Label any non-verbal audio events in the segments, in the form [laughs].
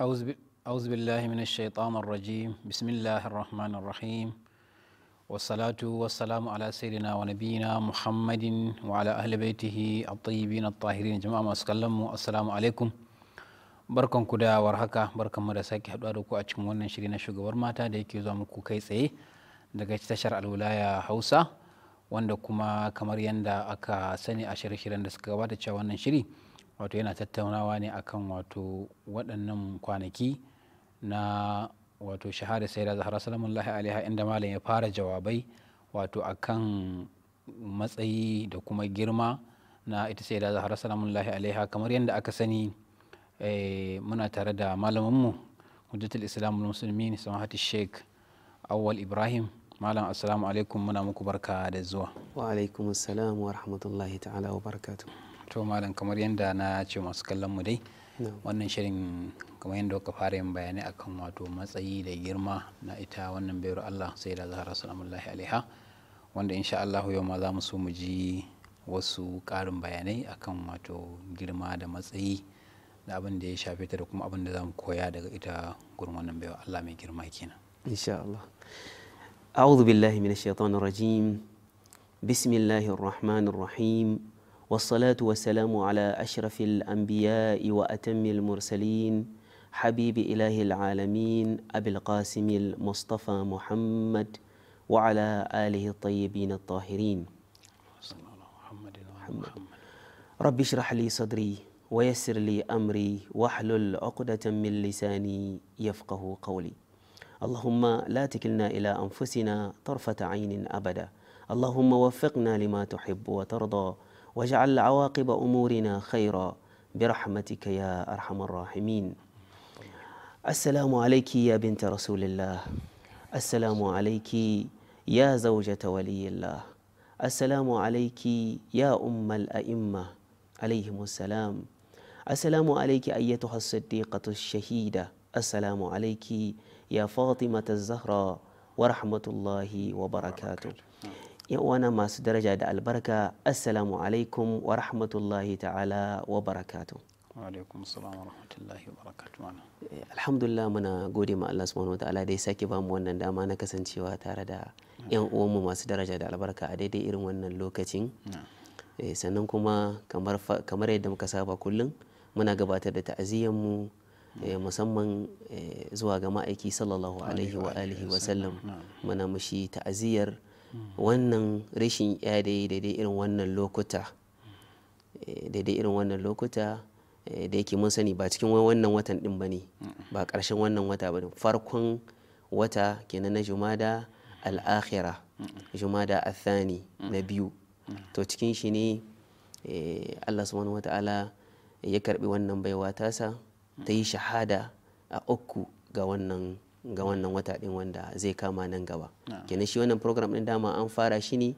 أعوذ بالله من الشيطان الرجيم بسم الله الرحمن الرحيم والصلاة والسلام على سيدنا ونبينا محمد وعلى أهل بيته الطيبين الطاهرين جماعة ما سكلموا السلام عليكم barkan ku da warhaka barkan mu da sake haɗuwa da ku a cikin wannan shiri na shugabar mata da yake zuwa muku kai tsaye daga tashar alwulaya hausa wanda kuma kamar yadda aka sani a shirye-shiryen da suka gabata cewa wannan shiri wato yana tattaunawa ne akan wato waɗannan kwanaki na wato shahara sai da zahara salamullahi alaiha inda malam ya fara jawabai wato akan matsayi da kuma girma na ita sai da zahara salamullahi alaiha kamar yadda aka sani eh, muna tare da malaminmu hujjatul islam musulmi samahati sheikh awwal ibrahim malam assalamu alaikum muna muku barka da zuwa wa alaikum assalam wa rahmatullahi ta'ala wa barakatuh to malam kamar yadda na ce masu kallon mu dai wannan shirin kamar yadda kuka fara yin bayanai akan wato matsayi da girma na ita wannan bayar Allah sai da zahara salamullahi alaiha wanda insha Allah yau ma za mu so mu ji wasu karin bayanai akan wato girma da matsayi da abin da ya shafe ta da kuma abin da za mu koya daga ita gurin wannan bayar Allah mai girma kenan insha Allah a'udhu billahi rajim rahmanir rahim والصلاة والسلام على أشرف الأنبياء وأتم المرسلين حبيب إله العالمين أبي القاسم المصطفى محمد وعلى آله الطيبين الطاهرين صلى الله محمد محمد رب اشرح لي صدري ويسر لي أمري واحلل عقدة من لساني يفقه قولي اللهم لا تكلنا إلى أنفسنا طرفة عين أبدا اللهم وفقنا لما تحب وترضى واجعل عواقب أمورنا خيرا برحمتك يا أرحم الراحمين السلام عليك يا بنت رسول الله السلام عليك يا زوجة ولي الله السلام عليك يا أم الأئمة عليهم السلام السلام عليك أيتها الصديقة الشهيدة السلام عليك يا فاطمة الزهراء ورحمة الله وبركاته yan uwana masu daraja da albarka assalamu alaikum wa rahmatullahi ta'ala wa barakatu alaikum salam wa rahmatullahi wa barakatu eh, alhamdulillah muna gode ma Allah subhanahu wa ta'ala da ya sake bamu wannan dama na kasancewa tare da yan uwanmu masu daraja da albarka a daidai irin wannan lokacin eh, sannan kuma kamar yadda muka saba kullum muna gabatar da mu eh, musamman zuwa ga ma'aiki sallallahu alaihi wa alihi wa sallam muna mushi ta'aziyar wannan rashin ya da daidai irin wannan lokuta eh, daidai irin wannan lokuta eh, da yake mun sani ba cikin wannan watan din ba ne ba ƙarshen wannan wata ba ne farkon wata kenan na jumada al'akhira jumada athani na biyu to cikin shi ne eh, allah subhanahu wata'ala ya karbi wannan baiwa tasa ta yi shahada a uku ga wannan ga wannan wata din wanda zai kama nan gaba kenan shi wannan program din dama an fara shi ne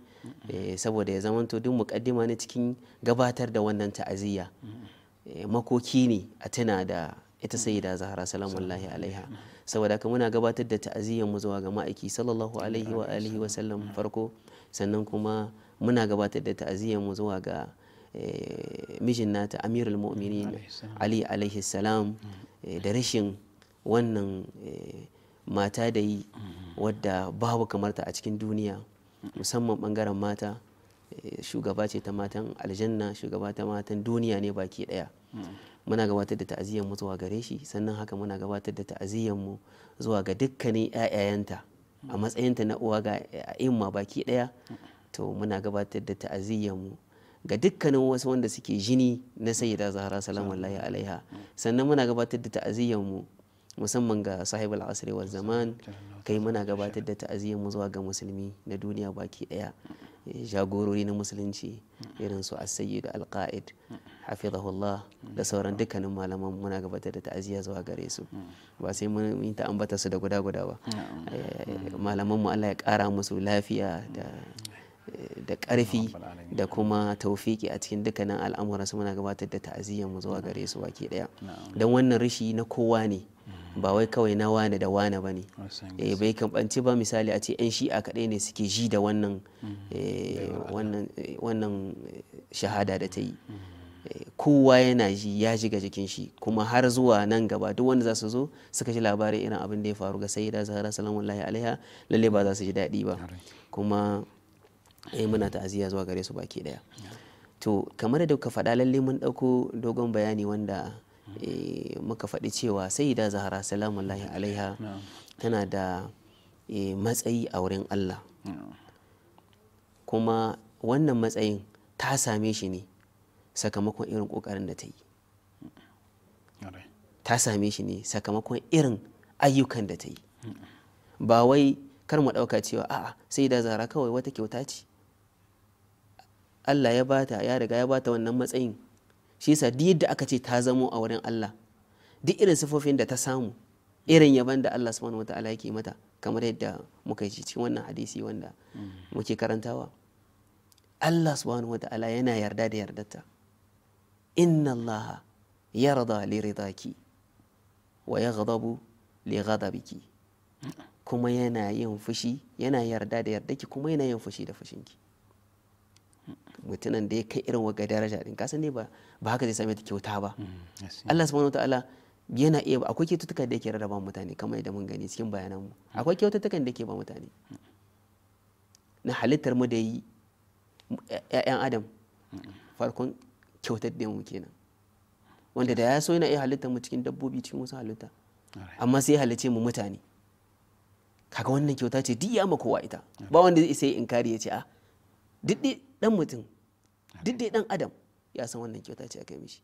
eh, saboda ya zamanto duk mukaddima ne cikin gabatar da wannan ta'aziyya eh, makoki ne a tana da ita sayyida zahra salamullahi alaiha saboda haka muna gabatar da ta'aziyyar mu zuwa ga ma'aiki sallallahu alaihi wa alihi wa sallam farko sannan kuma muna gabatar da ta'aziyyar mu zuwa ga eh, mijin nata amirul mu'minin ali alaihi salam da rashin wannan eh, mata da yi wadda babu kamarta a cikin duniya musamman bangaren mata eh, shugaba ce ta matan aljanna shugaba ta matan duniya ne baki daya muna gabatar da ta'aziyyar mu zuwa gare shi sannan haka muna gabatar da ta'aziyyar mu zuwa ga dukkanin ƴaƴayenta a matsayinta na uwa ga imma baki daya to muna gabatar da ta'aziyyar mu ga dukkanin wasu wanda suke jini na sayyida zahra salamullahi alaiha sannan muna gabatar da ta'aziyyar mu musamman ga sahibul asri wal zaman kai muna gabatar da ta'aziyyar mu zuwa ga musulmi na duniya baki daya eh, jagorori na musulunci irin su as da al-qa'id hafizahullah da sauran dukkanin malaman muna gabatar da ta'aziyya zuwa gare su ba sai mun yi ta su da guda guda ba eh, Malamanmu Allah ya kara musu lafiya da da ƙarfi da kuma taufiki a cikin dukkanin al'amuransu muna gabatar da ta'aziyyar mu zuwa gare su baki daya don wannan rishi na kowa ne ba wai kawai na wane da wane ba ne eh, bai kambanci ba misali a ce 'yan shi'a kaɗai ne suke ji da wannan mm-hmm. eh, eh, shahada da ta yi mm-hmm. kowa yana ji ya ji ga jikin shi kuma har zuwa nan gaba duk wanda za su zo suka ji labarin irin abin da ya faru ga sayyida zahra alaihi alaiha lalle ba za su ji daɗi ba kuma eh muna ta'aziyya zuwa gare su baki daya to kamar da ka faɗa lalle mun ɗauko dogon bayani wanda Eh, muka faɗi cewa sayyida zahara salamullahi alaiha tana da eh, matsayi a wurin Allah kuma wannan matsayin ta same shi ne sakamakon irin ƙoƙarin da ta yi ta same shi ne sakamakon irin ayyukan da ta yi hmm. ba wai kar mu ɗauka cewa a'a sai da zara kawai wata kyauta ce Allah ya bata ya riga ya bata wannan matsayin shi yasa duk yadda aka ce ta zamo a wurin Allah duk irin sifofin da ta samu irin yaban da Allah subhanahu wataala yake mata kamar yadda muka yi cikin wannan hadisi wanda muke karantawa Allah subhanahu wataala yana yarda da yardarta inna Allah yarda li ridaki wa yaghdabu li ghadabiki kuma yana yin fushi yana yarda da yardaki kuma yana yin fushi da fushinki mutumin da ya kai irin waga daraja din kasan ne ba ba haka zai same ta kyauta ba mm, Allah subhanahu wataala yana iya akwai kyaututtuka da yake rarraba mutane kamar yadda mun gani cikin bayanan mu mm. akwai kyaututtuka da yake ba mutane mm. na halittar mu da yi ƴaƴan adam farkon kyautar da mu kenan wanda da ya so yana iya halittar mu cikin dabbobi cikin wasu halitta amma sai ya halice mu mutane kaga wannan kyauta ce duk ya ma kowa ita ba wanda zai sai inkari ya ce a ah, duk dan mutum duk dan adam ya san wannan kyauta ce aka yi mishi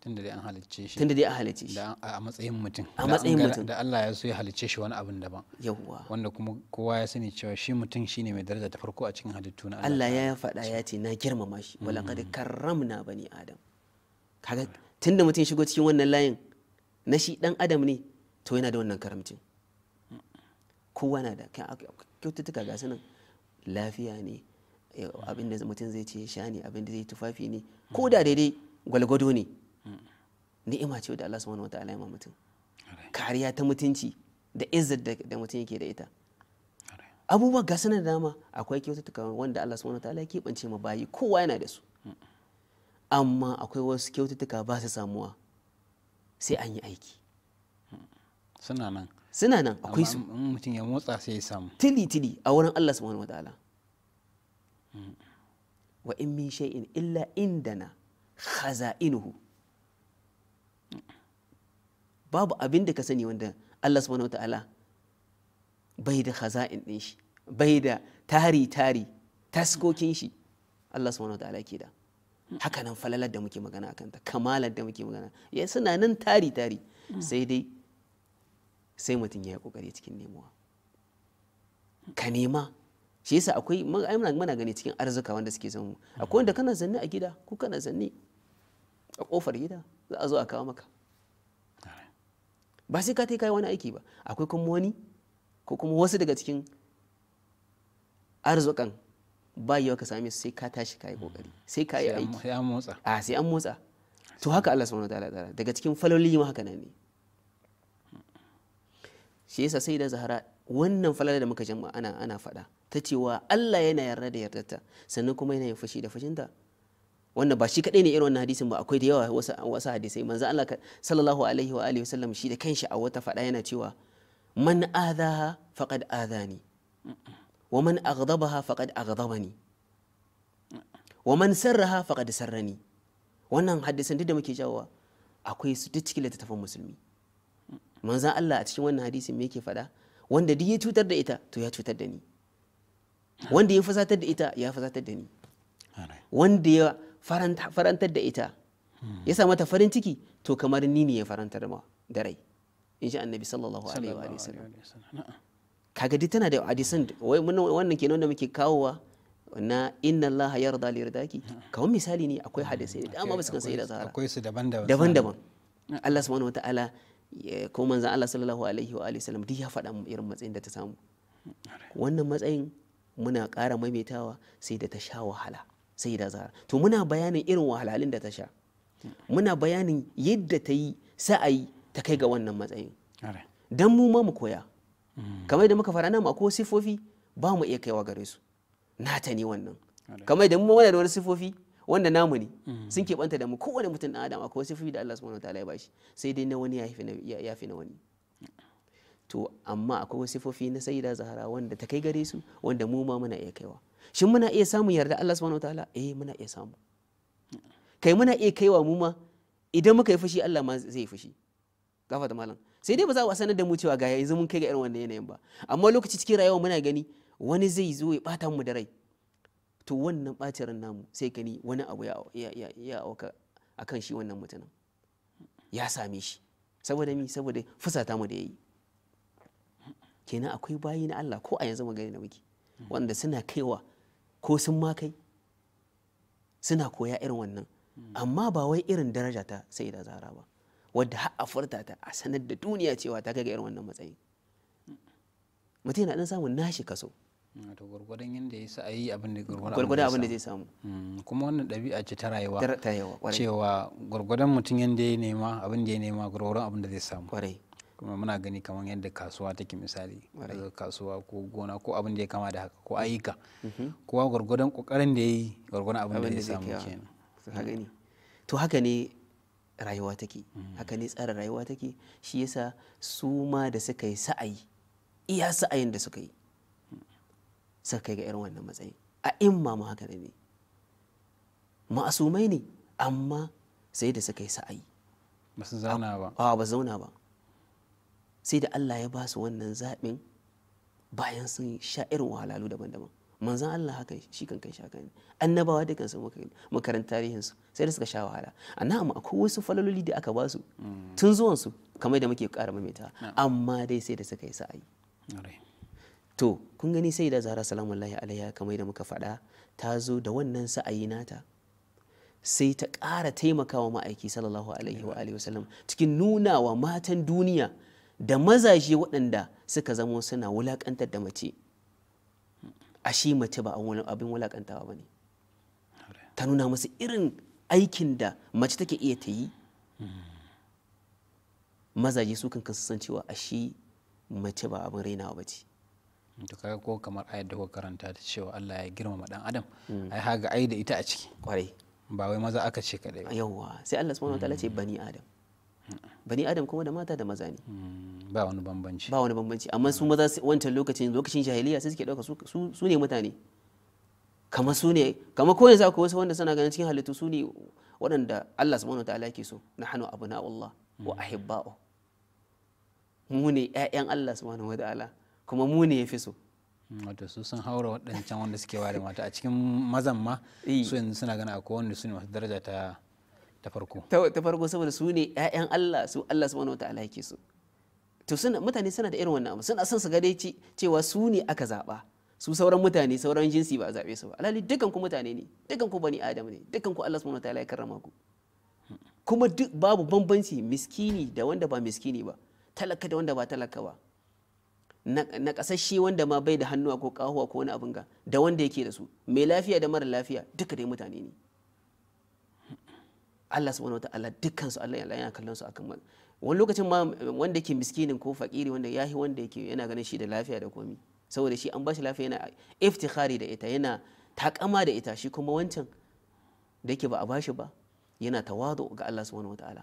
tunda dai an halicce shi tunda dai an halicce shi a matsayin mutum a matsayin mutum da Allah ya so ya halicce shi wani abin daban yawwa wanda kuma kowa ya sani cewa shi mutum shine mai daraja ta farko a cikin halittu na Allah ya faɗa ya ce na girmama shi mm. wala kad karramna bani adam kaga tunda mutum shigo cikin wannan layin na shi dan adam ne to yana da wannan karamcin mm. kowa na da kyaututtuka ga sanin lafiya ne abin da mutum zai ce sha ne abin da zai tufafi ne ko da daidai gwalgwado ne ni'ima ce da Allah subhanahu wataala ya ma mutum kariya ta mutunci da izzat da mutum yake da ita abubuwa ga sanar dama akwai kyaututtuka wanda Allah subhanahu wataala ya keɓance ma bayi kowa yana da su mm. amma akwai wasu kyaututtuka ba su samuwa sai an yi aiki mm. suna nan suna nan akwai su mutum ya motsa sai ya samu tili tili a wurin Allah subhanahu wataala wa in min shay'in illa indana khaza'inuhu babu abin da ka sani wanda Allah subhanahu ta'ala bai da khaza'in din shi bai da tari tari taskokin shi Allah subhanahu ta'ala ke da haka nan falalar da muke magana akan ta kamalar da muke magana ya suna nan tari tari sai dai sai mutum ya yi kokari cikin nemuwa ka nema shi yasa akwai muna muna gani cikin arzuka wanda suke zama akwai wanda kana zanne a gida ko kana zanne a kofar gida za a zo a kawo maka ba sai ka kai wani aiki ba akwai kuma wani ko kuma wasu daga cikin arzukan ba yi ka same su sai ka tashi ka yi kokari sai ka yi aiki sai an motsa a sai an motsa to haka Allah subhanahu wa ta'ala daga cikin falolin ma haka nan ne shi yasa sai da zahara wannan falala da muka jama ana ana faɗa ta cewa Allah yana yarda da yardarta sannan kuma yana yin fushi da fushinta wannan ba shi kadai ne irin wannan hadisin ba akwai da yawa wasu wasu hadisai manzo Allah sallallahu alaihi wa alihi wasallam shi da kanshi a wata faɗa yana cewa man adhaha faqad adani wa man aghdabaha faqad aghdabani wa man sarraha faqad sarrani wannan hadisan duk da muke jawowa akwai su duk cikin littattafan musulmi manzan Allah a cikin wannan hadisin me yake faɗa wanda duk ya cutar da ita to ya cutar da ni wanda ya fusatar da ita ya fusatar da ni wanda ya farantar da ita ya sa mata farin ciki to kamar ni ne ya farantar ma da rai in sha annabi sallallahu alaihi wa sallam kaga duk tana da hadisan wannan kenan da muke kawowa na inna allaha yarda li ridaki kawai misali ne akwai hadisi da dama ba su kan sai da zahara akwai su daban-daban daban-daban Allah subhanahu wataala ko manzan Allah sallallahu alaihi wa alihi sallam duk ya faɗa mu irin matsayin da ta samu wannan matsayin muna ƙara maimaitawa sai da ta sha wahala sai da zara to muna bayanin irin wahalhalun da ta sha muna bayanin yadda ta yi sa'ayi ta kai ga wannan matsayin dan mu ma mu koya mm. kamar da muka fara nan akwai sifofi ba mu iya kaiwa gare su Na ta ne wannan kamar da mu ma muna da wani sifofi wanda namu ne mm. sun keɓanta da mu kowane mutum ɗan adam akwai sifofi da Allah subhanahu wataala ya bashi sai dai na wani ya fi na wani to amma akwai sifofi na sayyida zahara wanda ta kai gare su wanda mu ma muna iya kaiwa shin muna iya samun yarda Allah subhanahu wataala eh muna iya samu kai muna iya kaiwa mu ma idan muka yi fushi Allah ma zai yi fushi gafata malam sai dai ba za a sanar da mu cewa ga yanzu mun kai ga irin wannan yanayin ba amma lokaci cikin rayuwa muna gani wani zai zo ya bata mu da rai to wannan ɓacin namu sai ka ni wani abu ya auka a kan shi wannan mutanen. ya same shi saboda mi saboda fusata mu da ya yi kenan akwai bayi na Allah ko a yanzu magana da muke wanda suna kaiwa ko sun ma kai suna koya irin wannan amma ba wai irin daraja ta sai da zara ba wadda har a furta ta a sanar da duniya cewa ta kai ga irin wannan matsayin mutum yana dan samun nashi kaso Mm, to gwargwadon yadda ya sa a yi abin da gwargwadon abin da zai samu mm, kuma wannan ɗabi'a ce ta rayuwa cewa gwargwadon mutum yadda ya nema abin da ya nema gwargwadon abin da zai samu kuma muna gani kamar yadda kasuwa take misali daga kasuwa ko gona ko abin da ya kama da haka ko ayyuka mm-hmm. kowa gwargwadon kokarin da ya yi gwargwadon abin da zai samu kenan to haka ne rayuwa take mm. haka ne tsara rayuwa take shi yasa su ma da suka yi sa'ayi iya sa'ayin da suka yi suka kai ga irin wannan matsayi a ma mu haka ne ma'asumai ne amma sai da suka yi sa'ayi ba su zauna ba sai da Allah ya ba su wannan zaɓin bayan sun sha irin wahalalu daban-daban manzan Allah haka shi kan kai shaka ne annabawa dukan su makarin tarihin su sai da suka sha wahala annama akwai wasu falaloli da aka ba su mm. tun zuwan su kamar da muke ƙara mamita amma dai sai da suka yi sa'ayi to kun gani sai da zahra lahi alayya kamar da muka faɗa ta zo da wannan sa'ayi nata sai ta ƙara taimakawa ma'aiki sallallahu alaihi wa alihi wasallam cikin nuna wa matan duniya da mazaje waɗanda suka zamo suna wulaƙantar da mace a shi mace ba abin wulaƙantawa ba ne ta nuna masu irin aikin da mace take iya ta yi mazaje su kan san cewa a shi mace ba abin rainawa ba ce to kaga ko kamar ayat da kuka karanta ta cewa Allah ya girmama dan adam hmm. ai haga ai da ita a ciki kwarai ba wai maza aka ce kadai ba yawa sai Allah subhanahu wataala ce hmm. bani adam hmm. bani adam kuma da mata da maza ne ba wani bambanci ba wani bambanci amma su maza wancan lokacin lokacin jahiliya sai suke dauka su su ne mutane kamar su ne kamar ko yanzu akwai wasu wanda suna ganin cikin halittu su ne waɗanda Allah subhanahu wataala yake so nahnu abna'ullah wa ahibba'u mu ne ƴaƴan Allah subhanahu wataala kuma mu ne ya fi so wato su sun haura waɗancan wanda suke ware mata a cikin mazan ma eh. su yanzu suna gana akwai wanda su ne masu daraja ta ta farko ta farko saboda su ne ƴaƴan Allah su Allah subhanahu wataala yake su to suna mutane suna da irin wannan amma suna son su ga dai cewa su ne aka zaba su sauran mutane sauran jinsi ba a zabe su ba alhali dukkan ku mutane ne dukkan ku bani adam ne dukkan ku Allah subhanahu wataala ya karrama ku kuma duk babu bambanci miskini da wanda ba miskini ba talaka da wanda ba talaka ba na kasashe wanda ma bai da hannuwa ko kahuwa ko wani abin ga da wanda yake da su mai lafiya da mara lafiya duka dai mutane ne Allah subhanahu ta'ala dukkan su Allah yana kallon su akan wani lokacin ma wanda yake miskinin ko fakiri wanda yahi wanda yake yana ganin shi da lafiya da komi saboda shi an bashi lafiya yana iftikhari da ita yana takama da ita shi kuma wancan da yake ba a bashi ba yana tawadu ga Allah subhanahu ta'ala.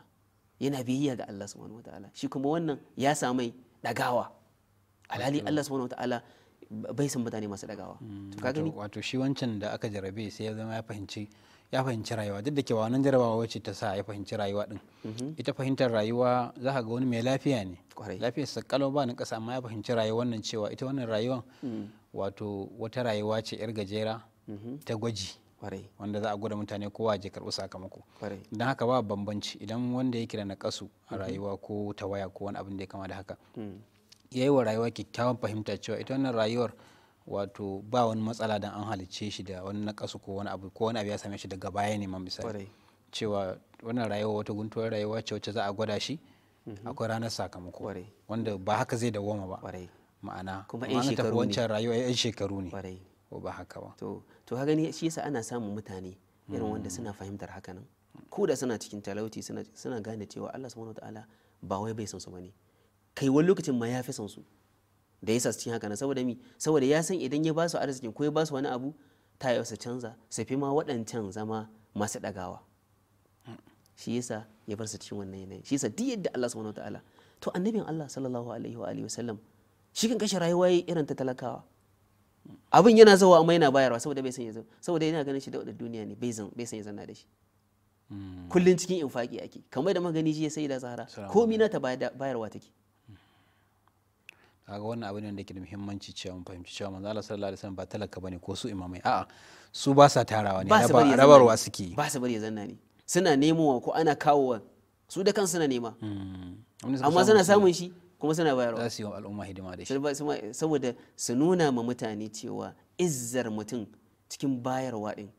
yana biyayya ga Allah subhanahu ta'ala. shi kuma wannan ya samai dagawa alhali Allah subhanahu wataala bai san mutane masu dagawa mm, to ka gani wato shi wancan da aka jarabe sai ya zama ya fahimci ya fahimci rayuwa duk da ke wannan jarabawa wacce ta sa ya fahimci rayuwa din mhm. ita fahimtar rayuwa za ka ga wani mai lafiya ne lafiyar sa kalau ba ni kasa amma ya fahimci rayuwa wannan cewa ita wannan rayuwan mm. wato wata rayuwa ce yar gajera mhm. ta gwaji wanda za a gwada mutane kowa je karɓi sakamako don haka ba bambanci idan wanda yake da kasu a mhm. rayuwa ko tawaya ko wani abin da ya kama da haka mm. ya yi wa rayuwa kyakkyawan fahimta cewa ita wannan rayuwar wato ba wani matsala dan an halicce shi da wani nakasu ko wani abu ko wani abu ya same shi daga baya ne man misali cewa wannan rayuwa wata guntuwar rayuwa ce wacce za a gwada shi mhm. akwai ranar sakamako wanda ba haka zai dawoma ba ma'ana kuma yan shekaru ne wancan rayuwa yan shekaru ne ko ba haka ba to to ka gani shi yasa ana samun mutane irin wanda suna fahimtar haka nan ko da suna cikin talauci suna gane cewa Allah subhanahu wataala ba wai bai san su bane kai wani lokacin ma ya fi son su da yasa cikin haka na saboda mi saboda ya san idan ya ba su arzikin ko ya ba su wani abu ta yi canza su fi ma waɗancan zama masu ɗagawa shi yasa ya bar su cikin wannan yanayi shi yasa duk yadda Allah subhanahu wataala to annabin Allah sallallahu alaihi wa alihi wasallam shi kan kashe rayuwa irin ta talakawa abin yana zawa amma yana bayarwa saboda bai san ya saboda yana ganin shi da wadda duniya ne bai san bai san ya zanna da shi hmm. kullun cikin infaki ake kamar da magani ji ya sai da zahara komai na ta bayarwa take kaga wannan abin da ke da muhimmanci cewa mun fahimci cewa manzo Allah sallallahu alaihi wasallam ba talaka bane ko su imamai a'a su ba sa tarawa ne rabarwa suke ba su bari ya zanna ne suna nemowa ko ana kawowa su da kansu suna nema hmm. amma suna samun shi kuma suna bayarwa za su yi al'umma hidima da shi saboda su nuna ma mutane cewa izzar mutum cikin bayarwa din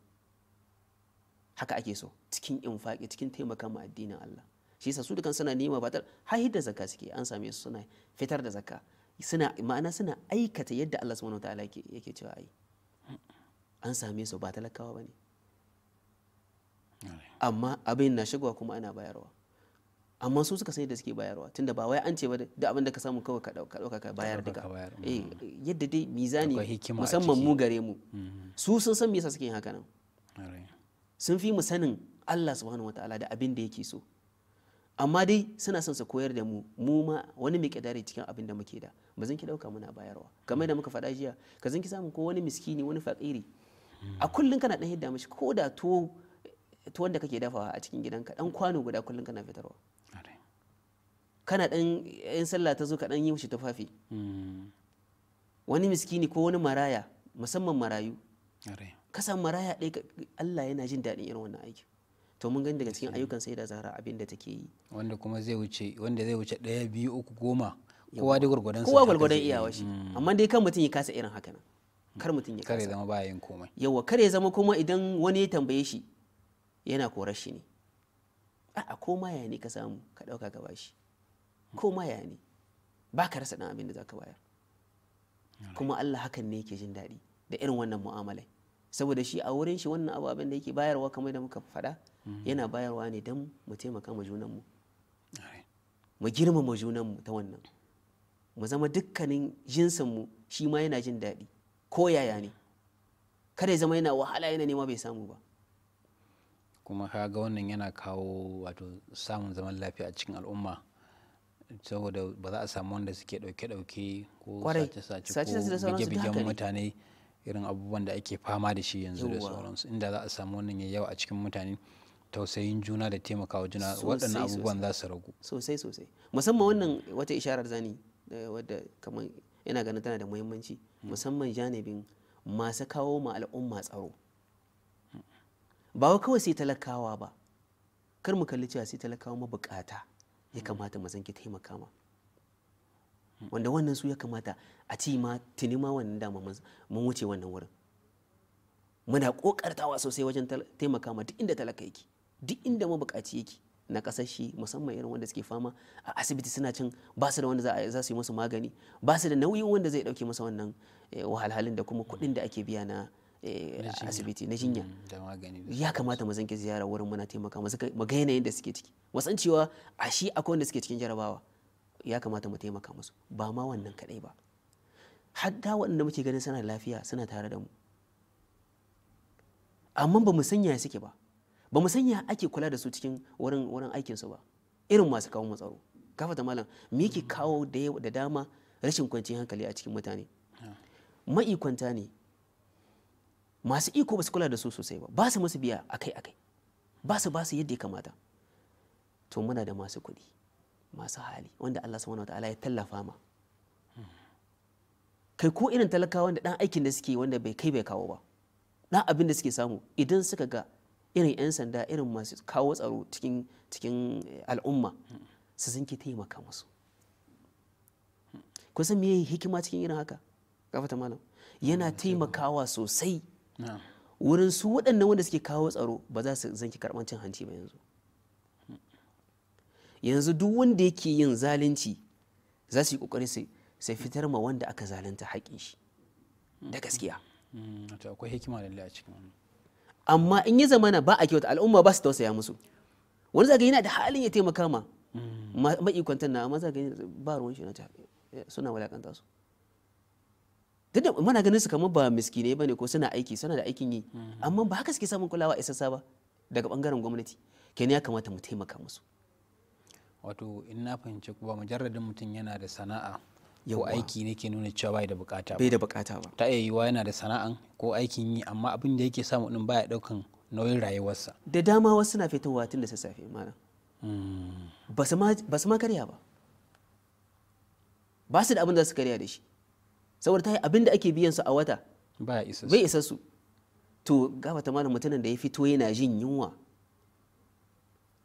haka ake so cikin infaki cikin taimaka ma addinin Allah shi yasa su kansu suna nema ba har hidda zakka suke an same su suna fitar da zakka suna ma'ana suna aikata yadda Allah subhanahu wataala yake cewa ai an same su ba talakawa bane amma abin na shigowa kuma ana bayarwa amma su suka san da suke bayarwa tunda ba wai an ce ba da abin da ka samu kawai ka dauka ka bayar duka mm. eh yadda dai mizani musamman mu gare mu mm-hmm. su sun san me yasa suke yin haka nan sun fi mu sanin Allah subhanahu wataala da abin da yake so amma dai suna son su koyar da mu mu ma wani mai kadari cikin abin da muke da ba zan ki dauka muna bayarwa kamar da muka faɗa jiya ka zan ki samu ko wani miskini wani fakiri a kullun kana dan hidda mishi ko da to to wanda kake dafawa a cikin gidanka dan kwano guda kullun kana fitarwa kana dan yan sallah ta zo ka dan yi mishi tufafi hmm. wani miskini ko wani maraya musamman marayu ka san maraya ɗaya Allah yana jin daɗin irin wannan aikin to mun gani daga cikin ayyukan sai da zahra abin da take yi wanda kuma zai wuce wanda zai wuce daya biyu uku goma kowa dai gwargwadon kowa gwargwadon iyawa shi mm. amma dai kan mutum ya kasa irin haka nan kar mutum ya kasa kare zama baya yin komai yawa kare zama kuma idan wani ya tambaye shi yana korar shi ne a koma ya ne ka samu ka dauka ka bashi koma ya ne ba ka rasa dan abin da zaka bayar kuma Allah hakan ne yake jin daɗi da irin wannan mu'amalai saboda shi a wurin shi wannan ababen da yake bayarwa kamar da muka faɗa mm-hmm. yana bayarwa ne don mu taimaka ma junanmu mu girmama junanmu ta wannan mu zama dukkanin jinsinmu shi ma yana jin daɗi ko yaya ne kada ya zama yana wahala yana nema bai samu ba kuma kaga wannan yana kawo wato samun zaman lafiya a cikin al'umma saboda ba za a samu wanda suke ɗauke-ɗauke ko sace-sace ko bige-bigen mutane irin abubuwan da ake fama da shi yanzu da sauransu inda za a samu wannan yayi yawa a cikin mutane tausayin juna da taimakawa juna waɗannan abubuwan za su ragu sosai sosai musamman wannan wata isharar zani wadda kamar yana ganin tana da muhimmanci hmm. musamman janibin masu kawo ma al'umma tsaro ba kawai sai talakawa ba kar mu kalli cewa sai talakawa mabukata ya hmm. kamata mu zanki taimaka ma wanda wannan su ya kamata a ci ma tuni ma wannan dama mun wuce wannan wurin muna kokartawa sosai wajen taimaka ma duk inda talaka yake duk inda mabukaci yake na kasar shi musamman irin wanda suke fama a asibiti suna cin ba su da wanda za su yi musu magani ba su da nauyin wanda zai dauke masa wannan eh, wahalhalin da kuma kuɗin da ake biya na eh, asibiti na jinya mm, ya kamata mu zanke ziyara wurin muna taimaka mu ga yanayin da suke ciki wasan cewa a shi akwai wanda suke cikin jarabawa ya kamata mu taimaka musu ba ma wannan kadai ba hadda waɗanda muke ganin suna lafiya suna tare da mu amma ba mu sanya suke ba ba mu sanya ake kula da su cikin wurin wurin aikin su ba irin masu kawo matsaro kafata malam me yake kawo da dama rashin kwanciyar hankali a cikin mutane kwanta ne masu iko ba su kula da su sosai ba ba su musu biya akai akai ba su ba su yadda ya kamata to muna da masu kuɗi masu hali wanda Allah subhanahu wataala ya tallafa ma kai ko irin talakawa da dan aikin da suke wanda bai kai bai kawo ba dan abin da suke samu idan suka ga irin 'yan sanda irin masu kawo tsaro cikin cikin eh, al'umma su sun ki taimaka musu san me hikima cikin irin haka gafata malam yana taimakawa sosai wurin su waɗannan wanda suke kawo tsaro ba za su zanki karɓar cin hanci ba yanzu yanzu duk wanda yake yin zalunci za su yi kokari sai fitar ma wanda aka zalunta haƙin shi da gaskiya mm, akwai hikima lalle a cikin amma in ya zamana ba a kyauta al'umma ba su tausaya musu wani zaga yana da halin ya taimaka ma mm. maikwantar na amma zagaye ba ruwan shi na ta eh, suna walakanta su duk da muna ganin su kamar ba miskinai bane ko suna aiki suna da aikin yi mm. amma ba haka suke samun kulawa isassa ba daga bangaren gwamnati kenan ya kamata mu taimaka musu wato in na fahimci kuma mujarradin mutum yana da sana'a yau aiki ne ke nuna cewa bai da bukata bai da bukata ba ta iya yana da sana'an ko aikin yi amma abin da yake samu din baya daukan nauyin rayuwarsa da dama wasu na fitowa tun da sassafe mana hmm. ba su ma karya ba ba su da abin da su karya da shi saboda ta yi abin da ake biyan su a wata bai isa su to gaba ta malam mutumin da ya fito yana jin yunwa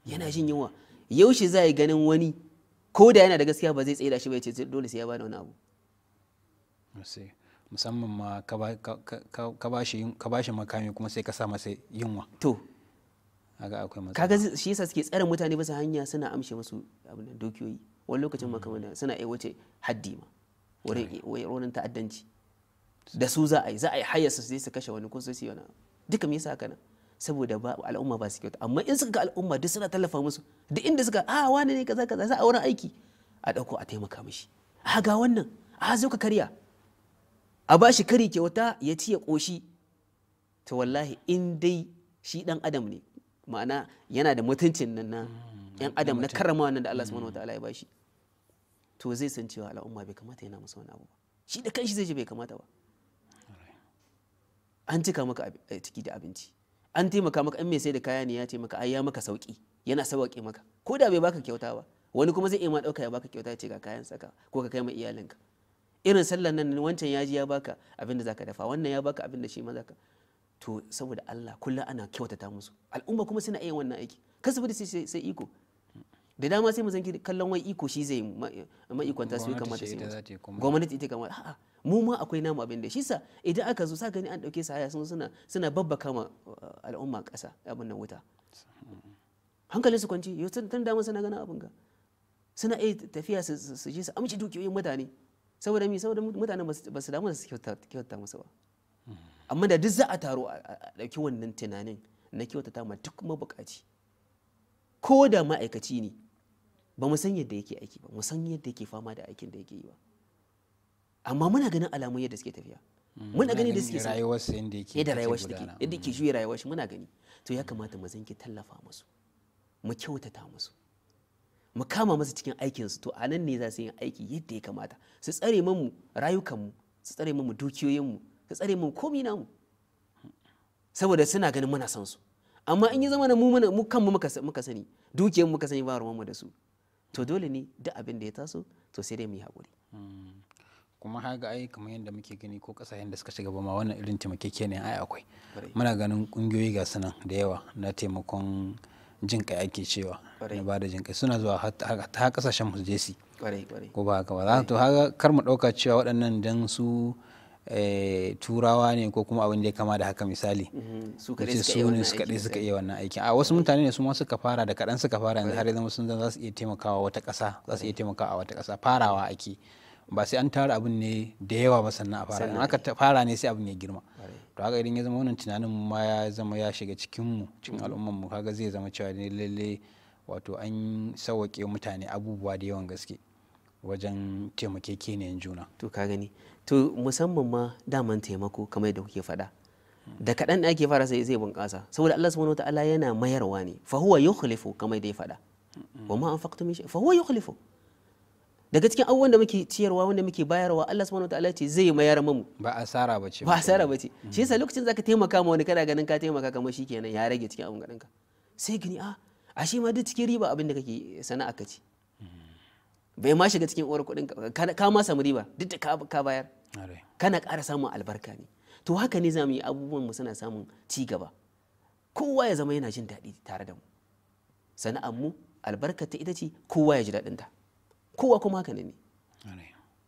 yana jin yunwa yaushe za yi ganin wani ko da yana da gaskiya ba zai tsaye da shi ba ya ce dole sai ya bani wani abu musamman ma ka ba shi makami kuma sai ka sa masa yunwa to kaga akwai kaga shi yasa suke tsare mutane bisa hanya suna amshe musu abin dokiyoyi wani lokacin ma kamar mm. suna iya wuce haddi ma wurin ta'addanci da su za a yi za a yi hayar su sai su kashe wani ko su yi wani duka me yasa haka nan saboda ba al'umma ba su kyauta amma in suka ga al'umma duk suna tallafa musu duk inda suka a ah, wani ne kaza kaza sai a wurin aiki a dauko a taimaka mishi a ga wannan a zo ka karya a ba shi kari kyauta ya ci ya koshi to wallahi in dai shi dan adam ne ma'ana yana da mutuncin nan na hmm, yan adam na karrama wannan da Allah subhanahu wataala hmm. ya bashi to zai san cewa al'umma bai kamata yana musu wani abu ba shi da kanshi zai ji bai kamata ba an cika maka eh, ciki da abinci an taimaka maka in mai sai da kaya ne ya taimaka ai ya maka sauki yana sauƙi maka ko da bai baka kyauta ba wani kuma zai iya ma ɗauka ya baka kyauta ya ce ga kayan saka ko ka kai ma iyalinka irin sallan nan wancan ya ji ya baka abin da zaka dafa wannan ya baka abin da shi ma zaka to saboda Allah kullum ana kyautata musu al'umma kuma suna iya wannan aiki kasu da sai sai iko da dama sai mu zanki kallon wai iko shi zai ma'ikwanta su kamata sai gwamnati ita kamata a'a mu ma akwai namu abin da shi sa idan aka zo saka ni an dauke sa haya suna suna babbaka ma uh, al'umma kasa abin nan wuta hankalin su kwanci yau tun dama suna gana abin ga suna eh tafiya su ji su amci dukiyoyin mutane saboda mi saboda mutane ba su damu da su kyauta musu ba amma da duk za a taro a ɗauki wannan tunanin na kyautata ma duk mabukaci ko da ma'aikaci ne ba mu san yadda yake aiki ba mu san yadda yake fama da aikin da yake yi ba amma muna ganin alamun yadda suke tafiya mm, muna ganin da suke sa yadda rayuwar shi take yadda ke mm. juya rayuwar shi muna gani to ya kamata mu zanki tallafa musu mu kyautata musu mu kama musu cikin aikin su to a nan ne za su yi aiki yadda ya kamata su tsare mu rayukan mu su tsare mu dukiyoyin mu su tsare mu komai mu saboda suna ganin muna son su amma in yi zama na mu kanmu muka sani dukiyoyin muka sani ba mu da su to dole ne duk abin da ya taso to sai dai mu yi haƙuri mm. kuma haga ai kamar yadda muke gani ko kasashen da suka shiga ba ma wannan irin ne ai akwai muna ganin kungiyoyi ga sunan da yawa na taimakon jin kai ake cewa na ba da jin kai suna zuwa ta kasashen su je su ko ba haka ba za to haka kar mu dauka cewa waɗannan dan su eh, turawa ne ko kuma abin da ya kama da haka misali mm-hmm. su ne su kaɗai suka eh. iya wannan aikin a wasu mutane ne su ma suka fara da kaɗan suka fara yanzu har yanzu sun za su iya taimakawa wata ƙasa za su iya taimakawa a wata ƙasa farawa ake ba sai an tara abin ne da yawa ba sannan a fara aka fara ne sai abin ya girma to haka idan ya zama wannan tunanin ma ya zama ya shiga cikin mu cikin mm. al'umman mu kaga zai zama cewa ne lalle wato an sauwaƙe mutane abubuwa da yawan gaske wajen taimakekeniyan juna to ka gani to musamman ma daman taimako kamar yadda kuke faɗa da kaɗan da ake fara sai zai bunƙasa saboda Allah subhanahu wataala yana mayarwa ne fa huwa yukhlifu kamar da ya faɗa wa ma anfaqtum min fa huwa yukhlifu daga cikin abubuwan da muke ciyarwa wanda muke bayarwa Allah subhanahu wataala ce zai mayar mamu ba asara bace ba asara bace mm. shi yasa lokacin zaka taimaka ma wani kana ganin ka taimaka kamar shikenan ya rage cikin abun gadanka sai gani a ah, shi ma duk cikin riba abin da kake sana'a ka ci mm. bai ma shiga cikin uwar kuɗin ka ma samu riba duk da ka bayar kana ƙara samun albarka ne to haka ne zamu yi abubuwan mu suna samun ci gaba kowa ya zama yana jin daɗi tare da mu sana'ar mu albarka ta ita ce kowa ya ji daɗin ta kowa kuma haka ne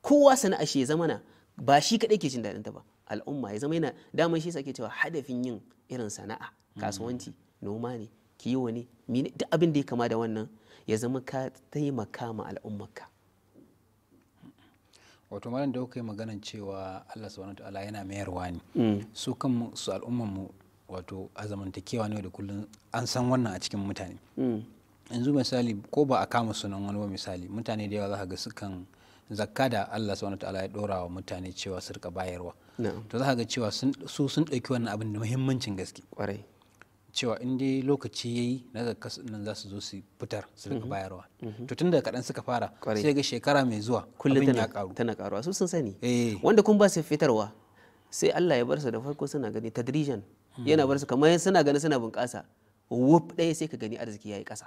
kowa sana'a shi ya zamana ba shi kaɗai ke jin daɗin ta ba al'umma ya zama yana damar shi sake cewa hadafin yin irin sana'a kasuwanci noma ne kiwo ne duk abin da ya kama da wannan ya zama ka taimaka ma al'ummarka wato malam da kuka yi maganan cewa Allah subhanahu ala yana mayarwa ne mm. su kan su al'ummar mu wato a zamantakewa ne da kullum an san wannan a cikin mutane mm. yanzu misali ko ba a kama sunan wani ba misali mutane da yawa za ka ga sukan zakka da Allah subhanahu ta'ala ya dora wa mutane cewa su rika bayarwa to za ka ga cewa su sun ɗauki wannan abin da muhimmancin gaske kwarai cewa in dai lokaci yayi na zakka nan za su zo su fitar su rika mhm. bayarwa mhm. to tun daga kaɗan suka fara sai ga shekara mai zuwa kullum tana karu tana karuwa su sun sani eh. wanda kun ba su fitarwa sai Allah ya bar su da farko suna gani tadrijan yana hmm. bar su kamar suna gani suna bunƙasa wuf ɗaya sai ka gani arziki yayi ƙasa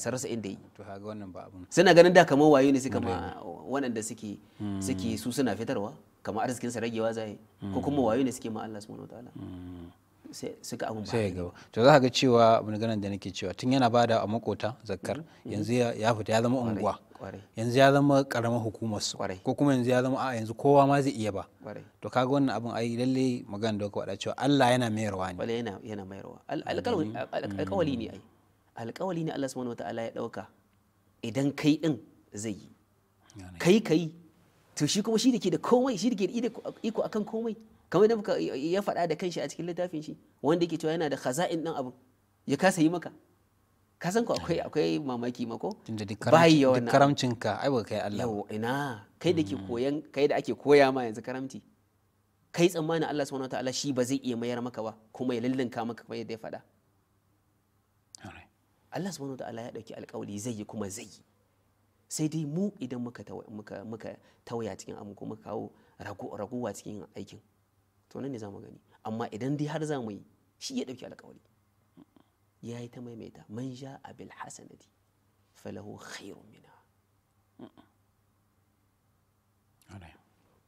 sarasa inda yi to wannan ba abun suna ganin da kamar wayo ne suka ma waɗanda suke hmm. suke su suna fitarwa kamar arzikin ragewa zai ko hmm. kuma wayo ne suke ma Allah subhanahu wataala hmm. suka abun ba sai gaba to za ka ga cewa abin ganin da nake cewa tun yana bada a makota zakkar yanzu ya fita ya zama unguwa yanzu ya zama karamar hukumar su ko kuma yanzu ya zama a yanzu kowa ma zai iya ba to kaga wannan abin ai lalle magana da ka faɗa cewa Allah yana mayarwa ne yana yana mayarwa alƙawali ne ai alkawali ne Allah subhanahu wata'ala ya ɗauka idan kai ɗin zai yi kai kai to shi kuma shi dake ke da komai shi dake ke da iko akan komai kamar da muka ya faɗa da kanshi a cikin littafin shi wanda yake cewa yana da khaza'in din abu ya kasa yi maka ka san ko akwai akwai mamaki mako bai ya wannan karamcin ka ai ba kai Allah yau ina kai da hmm. koyan kai da ake koya ma yanzu karamci kai tsammanin Allah subhanahu wataala shi ba zai iya mayar maka ba kuma ya lallinka maka kamar yadda ya faɗa Allah subhanahu ta'ala ya dauki alkawali zai yi kuma zai yi sai dai mu idan muka muka muka tauya cikin amu kuma kawo raguwa cikin aikin to nan ne zamu gani amma idan dai har zamu yi shi ya dauki alkawali ya yi ta maimaita man ja abil hasanati falahu khairun mina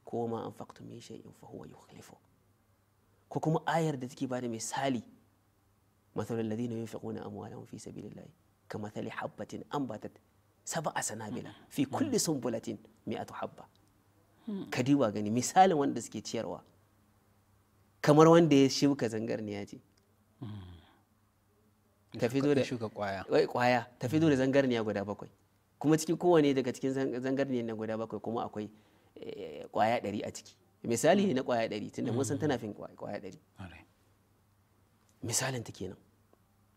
ko ma an min shay'in fa huwa yukhlifu ko kuma ayar da take bada misali mathalul ladina yunfiquna amwalahum fi sabilillah kamathali habatin ambatat sab'a sanabila fi kulli sunbulatin mi'atu habba kadiwa gani misalin wanda suke ciyarwa kamar wanda ya shuka zangarniya ce shuka kwaya kwaya tafi zo zangarniya guda bakwai kuma cikin kowane daga cikin zangarniya na guda bakwai kuma akwai kwaya ɗari a ciki misali na kwaya ɗari tunda san tana fin kwaya ɗari misalin ta kenan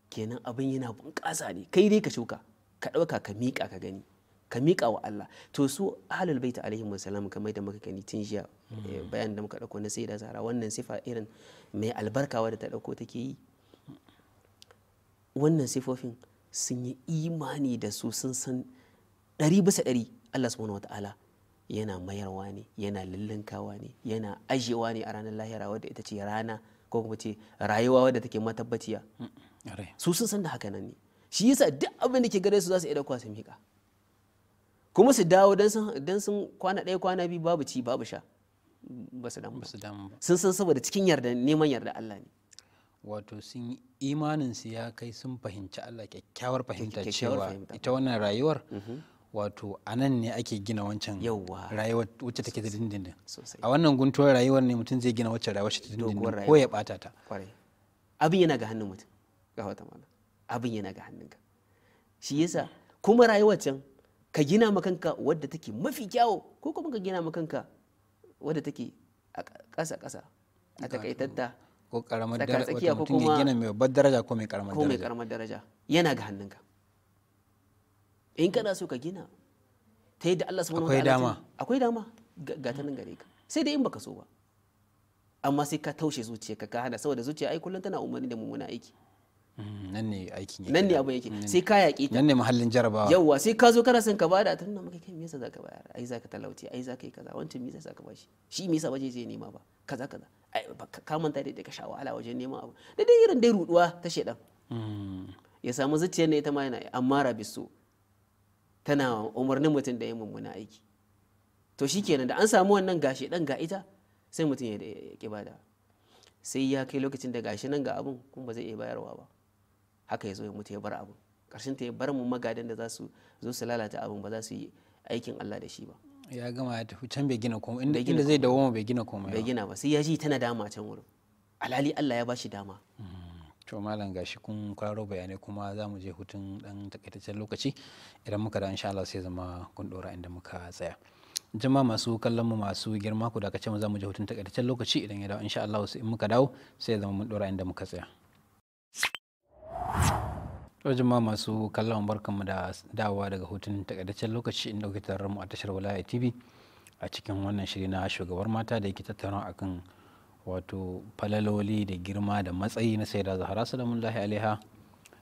kenan abin yana bunƙasa ne kai dai ka shuka ka ɗauka ka miƙa ka gani ka miƙa wa Allah to su ahlul baita alaihi wasallam kamar da muka gani tun jiya eh, bayan da muka dauko na sayyida zara wannan sifa irin mai albarka da ta dauko take yi wannan sifofin sun yi imani da su sun san ɗari bisa ɗari Allah subhanahu wata'ala yana mayarwa ne yana lullunkawa ne yana ajewa ne a ranar lahira wadda ita ce rana ko kuma ce rayuwa wadda take matabbaciya su sun san da haka nan ne shi yasa duk abin da ke gare su za su iya dauka su miƙa kuma su dawo dan sun kwana ɗaya kwana biyu babu ci babu sha ba su damu sun san saboda cikin yarda neman yarda Allah ne wato sun imanin su ya kai sun fahimci Allah kyakkyawar fahimta cewa ita wannan rayuwar mm-hmm. wato a nan ne ake gina wancan rayuwar wacce take da dindindin a wannan guntuwar rayuwar ne mutum zai gina wacce rayuwar shi ta dindindin ko ya bata ta abin yana ga hannun mutum ga wata mana abin yana ga hannunka shi yasa kuma rayuwar can ka gina ma kanka wadda take mafi kyawo ko kuma ka gina ma kanka wadda take a ƙasa ƙasa a takaitatta ko karamar daraja ko kuma gina mai babbar daraja ko mai karamar daraja yana ga hannunka in kana so ka gina ta yadda Allah subhanahu wataala akwai dama akwai dama ga ta nan gare ka sai dai in baka so ba amma sai ka taushe zuciyarka ka hana saboda zuciya ai kullum tana umarni da mummuna aiki mm-hmm. nan ne aikin yake nan ne abun yake sai ka yaƙi ta nan ne mahallin jarabawa yawa sai ka zo kana son ka bada tun nan maka kai me yasa zaka bayar ai zaka talauci ai zaka yi kaza wancan me yasa zaka bashi shi me yasa baje zai nema ba kaza kaza ai ka manta dai ka sha wahala wajen neman abu da dai irin dai ruduwa ta shedan mm-hmm. ya samu zuciyar ne ita ma yana amara bisu tana umarnin mutum da ya mummuna aiki to shi kenan da an samu wannan gashi dan ga ita sai mutum ya ki bada sai ya kai lokacin da gashi nan ga abun kuma ba zai iya bayarwa ba haka ya zo ya mutu ya bar abun karshen ta ya bar mu magadan da za su zo su lalata abun ba za su yi aikin Allah da shi ba ya gama ya tafi can bai gina komai inda inda zai dawo bai gina komai bai gina ba sai ya ji tana dama can wurin alali Allah ya bashi dama hmm. malam gashi kun kwaro bayanai kuma za mu je hutun dan takaitaccen lokaci idan muka da insha Allah sai zama kun dora inda muka tsaya jama masu kallon mu masu girma ku da kace mu za mu je hutun takaitaccen lokaci idan ya dawo insha Allah sai in muka dawo sai zama mun dora inda muka tsaya to jama masu kallon mu da dawowa daga hutun takaitaccen lokaci in dauke tarar mu a tashar Walaya TV a cikin wannan shiri na shugabar mata da yake tattaunawa akan wato falaloli da girma da matsayi na da zahara salamullahi alaiha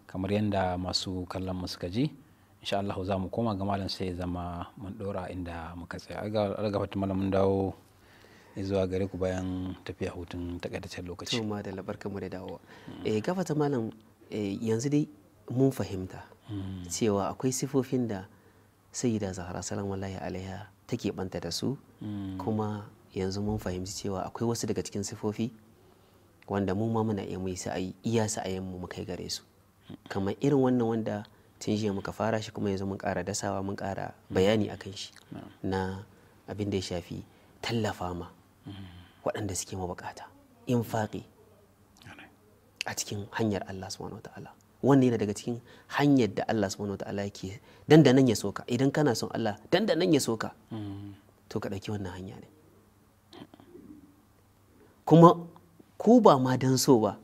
kamar yadda masu kallon mu suka ji insha Allah za mu koma ga malam sai zama mun dora inda muka tsaya har ga fatima mun dawo zuwa gare ku bayan tafiya hutun takaitaccen lokaci to ma da labarka mu da dawowa eh malam eh, yanzu dai mun fahimta hmm. cewa akwai sifofin da sayyida zahra salamullahi alaiha take banta da su hmm. kuma yanzu mun fahimci cewa akwai wasu daga cikin sifofi wanda mu ma muna iya mai sa'ayi iya sa'ayin mu kai gare su kamar irin wannan wanda tun jiya muka fara shi kuma yanzu mun kara dasawa mun kara bayani akan shi na abin da ya shafi tallafa ma waɗanda suke in faƙi a cikin hanyar Allah subhanahu wataala wannan yana daga cikin hanyar da Allah subhanahu wataala yake dandanan ya soka idan kana son Allah dandanan ya soka mm. to ka ɗauki wannan hanya ne kuma ko ba ma don so ba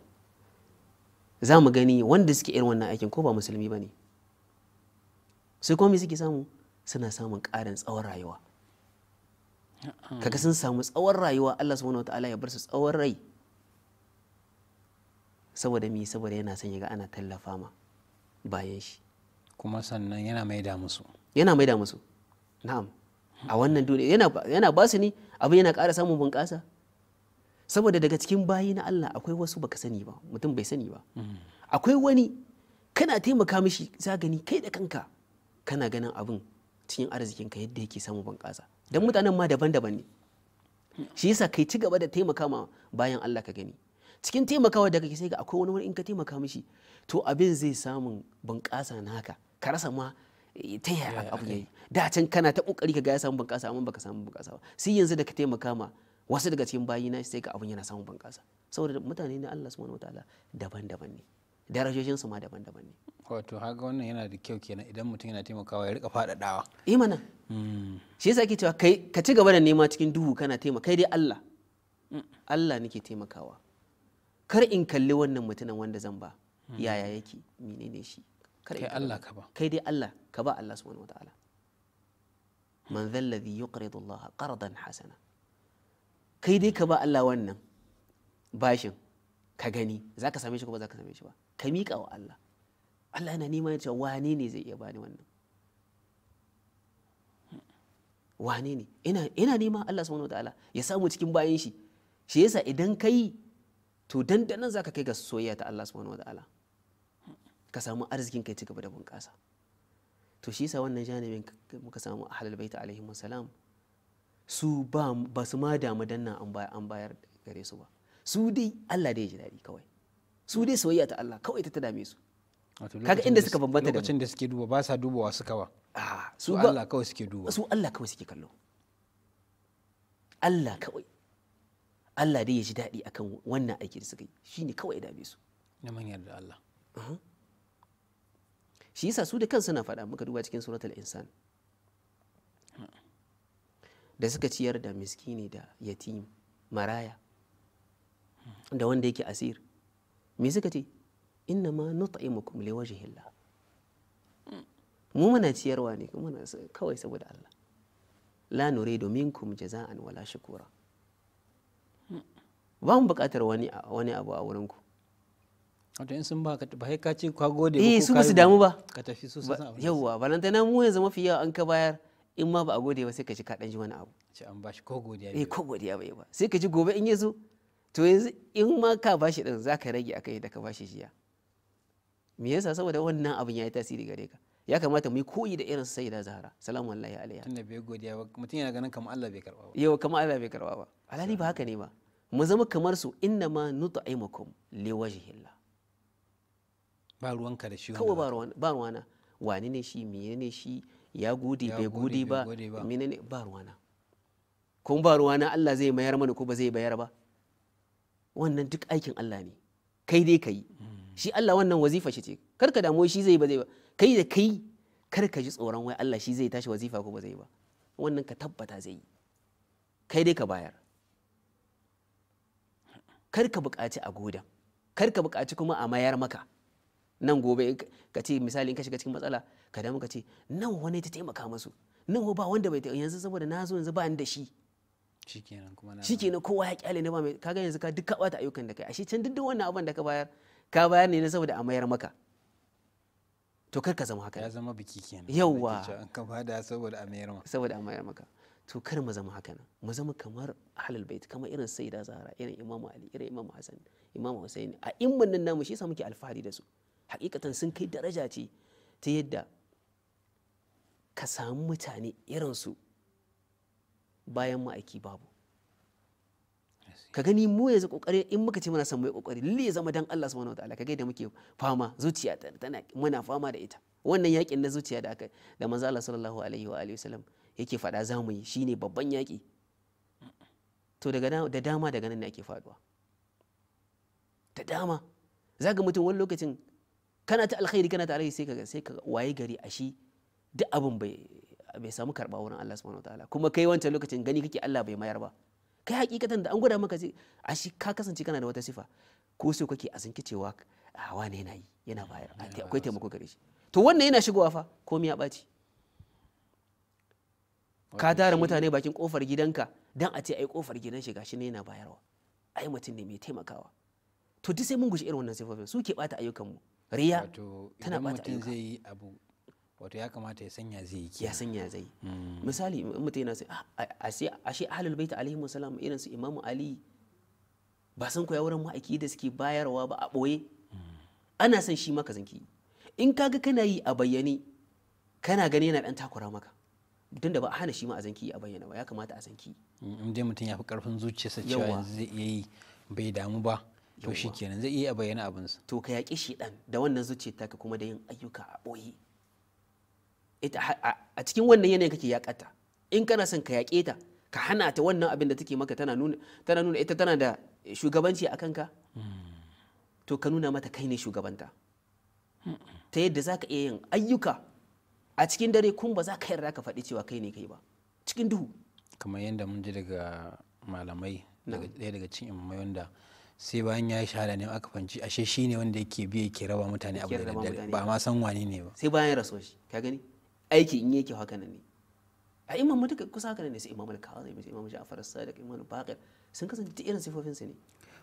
za mu gani wanda suke irin wannan aikin ko ba musulmi ba ne sai kuma me suke samu suna samun ƙarin tsawon rayuwa kaga sun samu tsawon rayuwa Allah subhanahu wataala ya bar su tsawon rai saboda mi saboda yana son ga ana tallafa ma bayan shi kuma sannan yana maida musu yana maida musu na'am a wannan duniya yana ba su ne abin yana ƙara samun bunƙasa saboda daga cikin bayi na Allah akwai wasu baka sani ba mutum bai sani ba mm. akwai wani kana taimaka mishi za gani kai da kanka kana ganin abin cikin arzikinka yadda yake samu bunƙasa don mutanen ma daban-daban ne shi yasa kai ci gaba da taimaka ma bayan Allah ka gani cikin taimakawa da kake sai ga akwai wani wani in ka taimaka mishi to abin zai samun bunƙasa naka ka rasa ma eh, ta yaya abu yayi da can kana ta kokari ka ga ya samu bunƙasa amma baka samu bunƙasa ba sai yanzu da ka taimaka ma wasu daga cikin bayi na sai ga abin yana samun bunƙasa saboda mutane ne Allah subhanahu wataala daban-daban ne darajojin su ma daban-daban ne wato haka wannan yana da kyau kenan idan mutum yana taimakawa ya rika faɗaɗawa imana eh hmm. shi yasa ake cewa kai ka ci gaba da nema cikin duhu kana taimaka kai dai Allah hmm. Allah nake taimakawa kar in kalli wannan mutumin wanda zan ba hmm. yaya yake menene shi kai Allah ka ba kai dai Allah ka ba Allah subhanahu wataala man dhal ladhi yuqridu Allah qardan hasana kai dai ka ba Allah wannan bashin ka gani za ka same shi ko ba za ka same shi ba ka miƙa wa Allah Allah yana nema cewa wane ne zai iya bani wannan wane ne ina ina nema Allah subhanahu wataala ya samu cikin bayan shi shi yasa idan kai to dandanan za ka kai ga soyayya ta Allah subhanahu wataala ka samu arzikin kai ci gaba da bunƙasa to shi yasa wannan janibin muka samu ahlul bait alaihim salam su ba su ma damu dan nan an bayar gare su ba su dai Allah dai ya ji daɗi kawai su dai soyayya ta Allah kawai ta dame su kaga inda suka bambanta da lokacin da suke duba ba sa dubawa su kawa su Allah kawai suke duba su Allah kawai suke kallo Allah kawai Allah dai ya ji daɗi akan wannan aiki da suka yi shine kawai ya dame su na man yarda Allah shi yasa su da kansu na faɗa muka duba cikin suratul insan da suka ciyar da miskini da yatim maraya da wanda yake asir me suka ce inna ma nut'imukum liwajhillah mu muna ciyarwa ne kuma kawai saboda Allah la nuridu minkum jaza'an wala shukura ba mu bukatar wani wani abu a wurinku wato in sun ba ka ba ka ce ka gode ba eh su su damu ba ka tafi su san abin balantana mu yanzu mafi yawa an ka bayar in ma ba a gode ba sai ka ji ka ji wani abu ce an bashi ko godiya eh ko godiya bai ba sai ka ji gobe in yazo to yanzu in ma ka bashi din zaka rage akai da ka bashi jiya me yasa saboda wannan abin yayi tasiri gare ka ya kamata mu yi koyi da irin sayyida zahra salamu alaihi alaiha tunda bai godiya ba mutum yana ganin kamar Allah bai karba ba yau kamar Allah bai karba ba alhali ba haka ne ba mu zama kamar su inna ma nut'imukum liwajhillah ba ruwanka da shi kawai ba ruwana Wani ne shi ne shi ya gode bai gudi ba menene ba ruwana kun ba ruwana Allah zai mayar mana ko ba zai bayar ba wannan duk aikin Allah ne kai dai kai hmm. shi Allah wannan wazifa shi ce kar ka damu shi zai ba zai ba kai da kai kar ka ji tsoron wai Allah shi zai tashi wazifa ko ba zai ba wannan ka tabbata zai yi kai dai ka bayar kar ka buƙaci a godan kar ka buƙaci kuma a mayar maka nan gobe ka ce misali in ka shiga cikin matsala Kada muka ce nan wani ta taimaka masu nan ba wanda bai yanzu saboda na zo yanzu ba ni da shi shikenan kowa ya kyale na ba mai kaga yanzu ka duk ka bata ayyukan da kai ashe can duk wannan abin da ka bayar ka bayar ne na saboda a mayar maka to kar ka zama haka ya zama biki kenan yawa ka bada saboda a mayar maka saboda a mayar maka to kar mu zama haka nan mu zama kamar halal bait kamar irin sayyida zahra irin imamu ali irin imamu hasan imamu husaini a imman nan namu shi yasa muke alfahari da su hakikatan sun kai daraja ce ta yadda ka samu mutane irinsu bayan ma'aiki babu ka gani mu yanzu kokari in muka ce muna son mai kokari lalle ya zama dan Allah subhanahu wataala kaga da muke fama zuciya tana muna fama da ita wannan yakin na zuciya da aka da manzo Allah sallallahu alaihi wa alihi wasallam yake fada za mu yi shine babban yaki to daga da dama daga nan ne ake faduwa da dama ga mutum wani lokacin kana ta alkhairi kana ta alkhairi sai ka sai ka waye gari a shi duk abin bai samu karɓa wurin Allah subhanahu ta'ala kuma kai wancan lokacin gani kake Allah bai mayar ba kai hakikatan da an gwada maka sai a shi ka kasance kana da wata sifa ko sai kake a sanki cewa a ah, wane yana yi yana bayar akwai taimako gare shi to wannan yana shigowa fa komai ya ɓaci ka tara mutane bakin kofar gidanka dan a ce ai kofar gidan shi gashi ne yana bayarwa ai mutum ne mai taimakawa to duk sai mun gushi irin wannan sifofin su ke bata ayyukan mu riya tana bata ayyuka zai yi abu wato ya kamata ya sanya zai yi ya sanya zai mm. misali mutum yana sai shi ahlul baiti alaihi wasallam irin su imamu ali ba san ku ya wurin ma'aiki da suke bayarwa ba a ɓoye mm. ana son shi maka zanki in kaga kana yi a bayyane kana gani yana dan takura maka tunda ba a hana shi ma a zanki a bayyana ba ya kamata a zanki mm, in dai mutum ya fi karfin zuciyarsa cewa zai iya yi bai damu ba to kenan zai iya bayyana abinsa to ka yaƙi shi dan da wannan zuciyar taka kuma da yin ayyuka a ɓoye a cikin wannan yanayin kake yakata in kana son ka yaƙe ta ka hana ta wannan abin da take maka tana nuna ita tana da shugabanci a kanka to ka nuna mata kai ne shugabanta ta yadda za ka iya yin ayyuka a cikin dare kun ba za ka yarda ka faɗi cewa kai ne kai ba cikin duhu kamar yadda mun ji daga malamai ɗaya daga cikin imamai wanda sai bayan ya yi shahada ne aka fanci ashe shi ne wanda yake biye ke raba mutane abu da daddare ba ma san wani ne ba sai bayan ya raso shi ka gani aiki in yake haka nan ne a imam mu duka kusa haka ne sai imam al-kazim sai imam ja'far as-sadiq imam baqir sun kasance duk irin sifofin su ne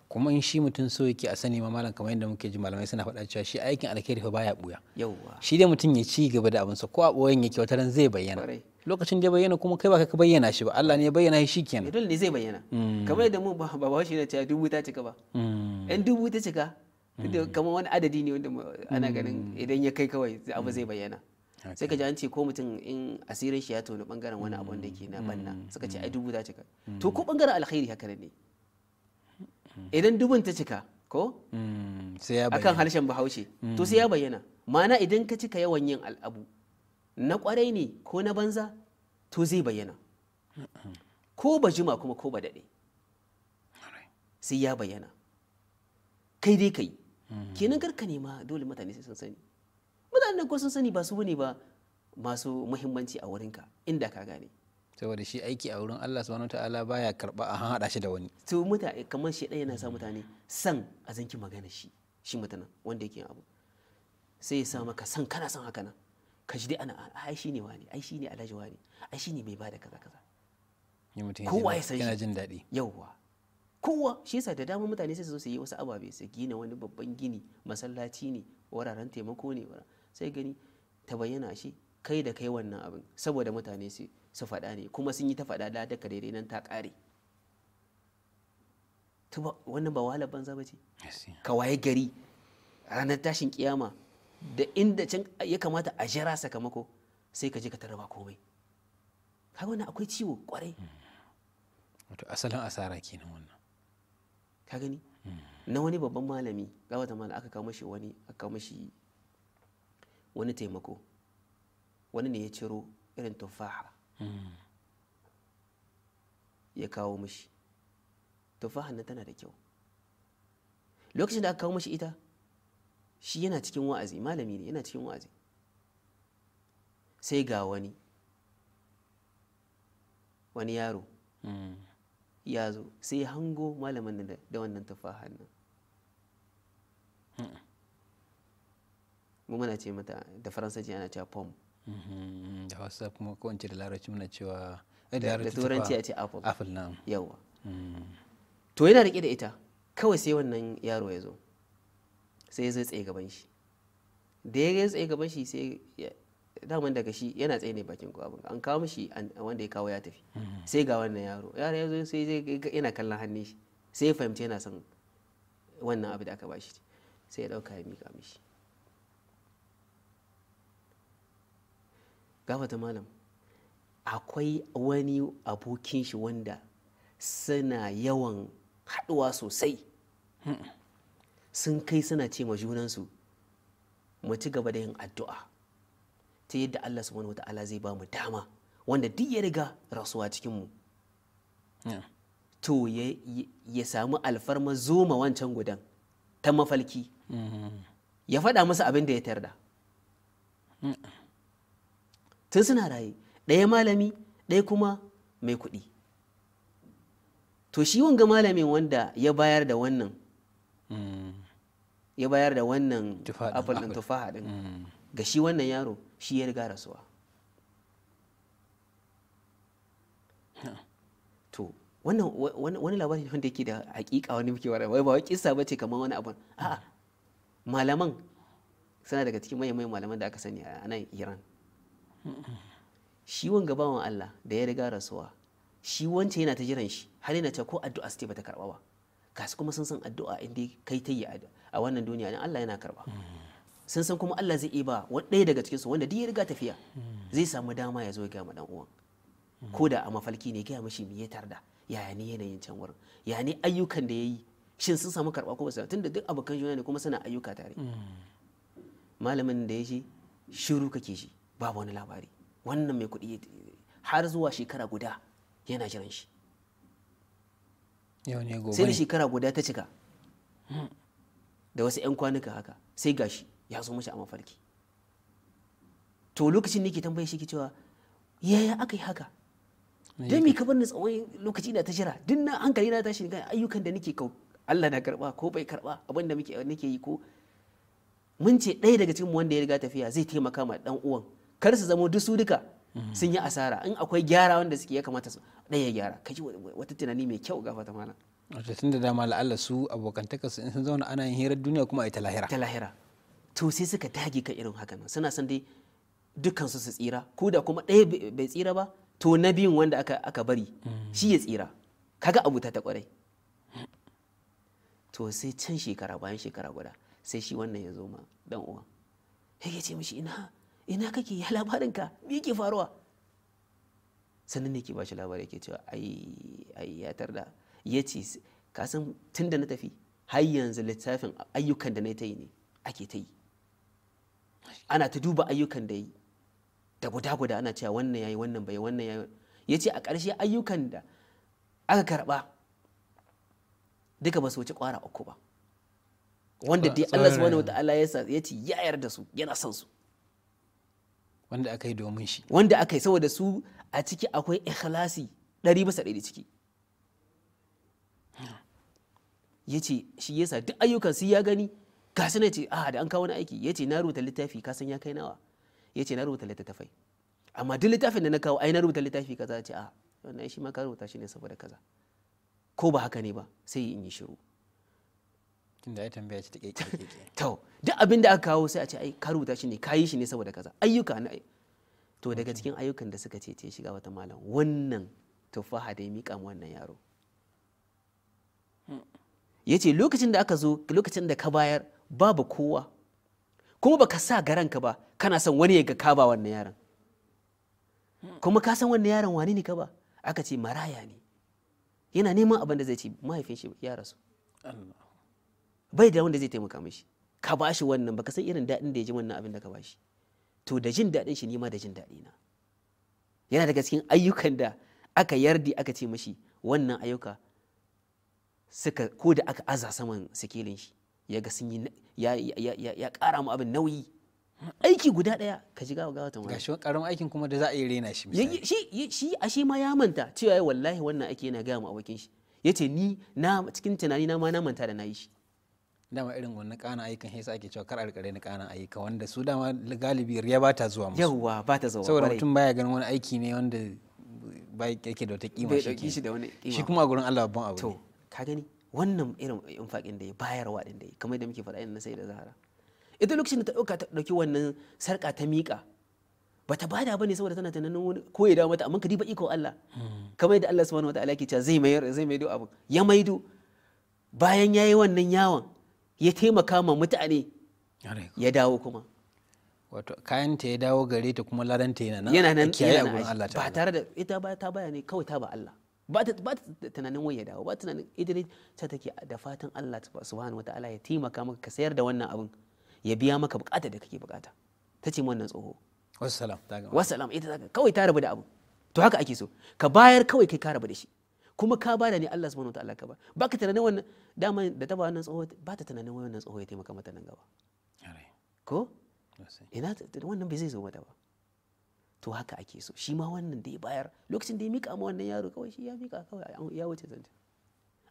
kuma in shi mutum so yake a sani ma malam kamar yadda muke ji malamai suna faɗa cewa shi aikin alkhairi fa baya buya yawa shi dai mutum ya ci gaba da abinsa ko a boyen yake wata ran zai bayyana lokacin da bayyana kuma kai ba ka bayyana shi ba Allah ne ya bayyana shi kenan eh, dole ne zai bayyana hmm. kamar yadda mu ba ba shi ne ta dubu ta cika ba hmm. in dubu ta cika hmm. kamar wani adadi ne wanda ana ganin idan ya kai kawai abu zai bayyana sai ka ji an ce ko mutum in asirin shi ya tono bangaren wani abu da ke na banna mm. suka ce ai mm. dubu ta cika mm. to ko bangaren alkhairi haka ne idan dubun ta cika ko akan harshen bahaushe to sai ya bayyana ma'ana idan ka cika yawan yin al'abu na kwarai ne ko na banza to zai bayyana ko ba jima kuma ko ba daɗe sai ya bayyana kai dai kai kenan karka nema dole mutane sai sun sani waɗannan ko sun sani ba su ne ba masu muhimmanci a wurinka inda ka gane saboda shi aiki a wurin Allah subhanahu ta'ala baya karba a hada shi da wani to mutane kamar shi dan yana sa mutane san a zanki magana shi shi mutana wanda yake abu sai ya sa maka san kana san haka nan ka ji dai ana ai shi ne wani ai shi ne alhaji wani ai shi ne mai bada kaza kaza kowa ya san jin daɗi yauwa kowa shi yasa da dama mutane sai su zo su yi wasu ababe su gina wani babban gini masallaci ne wararen taimako ne wararen sai gani ta bayyana shi kai da kai wannan abin saboda mutane su faɗa ne kuma sun yi ta faɗa da daga daidai nan ta ƙare wannan ba wahalar banza ba ce ka gari ranar tashin kiyama da inda can ya kamata a jira sakamako sai ka je ka taraba komai ka wannan akwai ciwo kwarai hmm. wato asalin asara kenan wannan ka gani hmm. na wani babban malami ga wata mala aka kawo mashi wani aka kawo mashi wani taimako wani ne ya ciro irin tufaha hmm. ya kawo mashi tufahan nan tana da kyau lokacin da aka kawo mashi ita shi yana cikin wa'azi malami ne yana cikin wa'azi sai ga wani wani yaro hmm. ya zo sai hango malamin da wannan tufahan nan hmm. mu muna ce mata da faransanci ana cewa pom mm-hmm. da hausa kuma ko da larabci muna cewa eh, da turanci a ce apple apple na yawa mm. to yana rike da ita kawai sai wannan yaro ya zo sai ya zo tsaye gaban shi da ya tsaye gaban shi sai daman daga shi yana tsaye ne bakin abin an kawo mishi wanda ya kawo ya tafi mm-hmm. sai ga wannan yaro yaro ya zo sai yana kallon hannun shi sai ya fahimci yana son wannan abu da aka bashi sai ya dauka ya mika mishi gafata malam akwai wani abokin shi wanda suna yawan haɗuwa sosai sun kai suna ce ma junansu mu ci gaba da yin addu'a ta yadda Allah subhanahu wata'ala zai ba mu dama wanda duk ya riga rasuwa cikinmu to ya samu alfarma zoma wancan gudan ta mafalki mm-hmm. ya faɗa masa abin da ya tarda mm-hmm. tun suna raye ɗaya malami ɗaya kuma mai kuɗi to shi wanga malamin wanda ya bayar da wannan ya bayar da wannan apple ɗin tufaha ɗin mm. ga shi wannan yaro shi ya riga rasuwa to wani labari wanda yake da hakika wani muke wara wai ba kisa ba ce kamar wani abu. a'a malaman suna daga cikin mai-mai malaman da aka sani a nan Iran shi wanga bawan Allah da ya riga rasuwa shi wance yana ta jiran shi har yana ta ko addu'a sai bata karba ba kasu kuma sun san addu'a inda kai ta yi a wannan duniya ne Allah yana karba sun san kuma Allah zai iba ɗaya daga cikin su wanda duk ya riga tafiya zai samu dama ya zo ya gama dan uwan ko da a mafalki ne ga mashi me ya tarda yaya ne yanayin can wurin ya ne ayyukan da ya yi shin sun samu karba ko ba su tunda duk abokan juna ne kuma suna ayyuka tare mm. malamin da ya shi shiru kake shi babu wani labari wannan mai kuɗi har zuwa shekara guda yana jiran shi sai da shekara guda ta cika da wasu 'yan kwanuka haka sai gashi ya zo mace a mafarki to lokacin ne ke tambaye shi ke cewa yaya aka yi haka don mi kabar na tsawon lokaci na ta jira duk na hankali na tashi ga ayyukan da nake kau Allah na karba ko bai karba abin da nake yi ko mun ce ɗaya daga cikin wanda ya riga tafiya zai taimaka ma dan uwan kar su zamo su duka sun yi asara in akwai gyara wanda suke ya kamata su ɗaya ya gyara kaji wata tunani mai kyau ga ta mana wata tun da dama la'alla su abokantaka su in sun zauna ana yin hirar duniya kuma ai talahira. Talahira to sai suka dage ka irin haka nan suna san dai dukkan su su tsira ko da kuma ɗaya bai tsira ba to na biyun wanda aka aka bari hmm. shi ya tsira kaga abu ta kwarai to sai can shekara bayan shekara guda sai shi wannan ya zo ma dan uwa yake ce mishi ina ina kake ya labarin ka me yake faruwa sannan ne ke ba shi labari yake cewa ai ai ya tarda ya ce ka san tun da na tafi har yanzu littafin ayyukan da na ta yi ne ake ta yi ana ta duba ayyukan da yi da guda guda ana cewa wannan yayi wannan bai wannan yayi ya ce a ƙarshe ayyukan da aka karɓa duka ba su wuce ƙwara uku ba wanda dai Allah subhanahu wataala ya ce ya yarda su yana son su wanda aka yi domin shi wanda aka yi saboda su a ciki akwai ikhlasi ɗari bisa ɗari ciki ya ce shi yasa duk ayyukan su ya gani ga su ce a ah, da an kawo wani aiki ya ce na rubuta littafi ka san ya kai nawa ya ce na rubuta littattafai amma duk littafin da na kawo ai na rubuta littafi kaza ce a ah, wannan shi ma ka rubuta shi ne saboda kaza ko ba haka ne ba sai in yi shiru tunda ya tambaya ce ta keke [laughs] to duk abin da aka kawo sai a ce ai ka rubuta shi ne kayi shi ne saboda kaza ayyuka na to daga cikin ayyukan da suka cece shiga wata malam wannan tufaha da ya miƙa mu wannan yaro hmm. ya ce lokacin da aka zo lokacin da ka bayar babu kowa kuma baka sa garanka ba kana son wani ya ga ka ba wannan yaron hmm. kuma ka san wannan yaron wani ne ka ba aka ce maraya ne yana neman abin da zai ce mahaifin shi ya rasu bai da wanda zai taimaka mishi ka ba shi wannan baka san irin daɗin da ya ji wannan abin da ka ba shi to da jin daɗin shi nima da jin daɗi na yana daga cikin ayyukan da aka yardi aka ce mishi wannan ayyuka suka ko da aka aza saman sikilin shi ya ga sun yi ya ƙara mu abin nauyi aiki guda ɗaya ka ji gawa gawa tamara gashi karamin aikin kuma da za a yi rena shi shi shi a shi ma ya manta cewa wallahi wannan aiki yana gaya mu abokin shi yace ni na cikin tunani na ma na manta da na yi shi dama irin wannan kana ayyukan hesa ake cewa kar alƙare na kana ayyuka wanda su dama galibi riya ba ta zuwa musu yawwa ba ta zuwa saboda mutum baya ganin wani aiki ne wanda ba yake da wata kima shi shi da wani kima shi kuma a gurin Allah babban abu to ka gani wannan irin infakin da ya bayarwa din da ya kamar da muke faɗa yin na sai da zahara ita lokacin da ta ɗauka ta ɗauki wannan sarƙa ta miƙa ta bada bane saboda tana tunanin wani ko ya dawo mata amma ka diba iko Allah hmm. kamar yadda Allah subhanahu wataala yake cewa zai mayar zai maido abu ya maido bayan yayi wannan yawon ya taimaka ma mutane ya dawo kuma wato kayan ta ya dawo gare ta kuma ladan ta yana nan yana nan yana nan ba tare da ita ba ta baya ne kawai ta ba Allah ba ta ba tunanin wai ya dawo ba tunanin ita ne ta take da fatan Allah subhanahu wataala ya taimaka maka ka sayar da wannan abin ya biya maka bukata da kake bukata ta ce wannan tsoho wassalam wassalam ita kawai ta rabu da abu to haka ake so ka bayar kawai kai ka rabu da shi kuma ka bada ni Allah subhanahu wataala ka ba baka tunanin wannan dama da ta ba wannan tsoho ba ta tunanin wannan tsoho ya taimaka mata nan gaba ko ina wannan bai zai zo mata ba to haka ake so shi ma wannan da ya bayar lokacin da ya mika ma wannan yaro kawai shi ya mika kawai ya wuce zance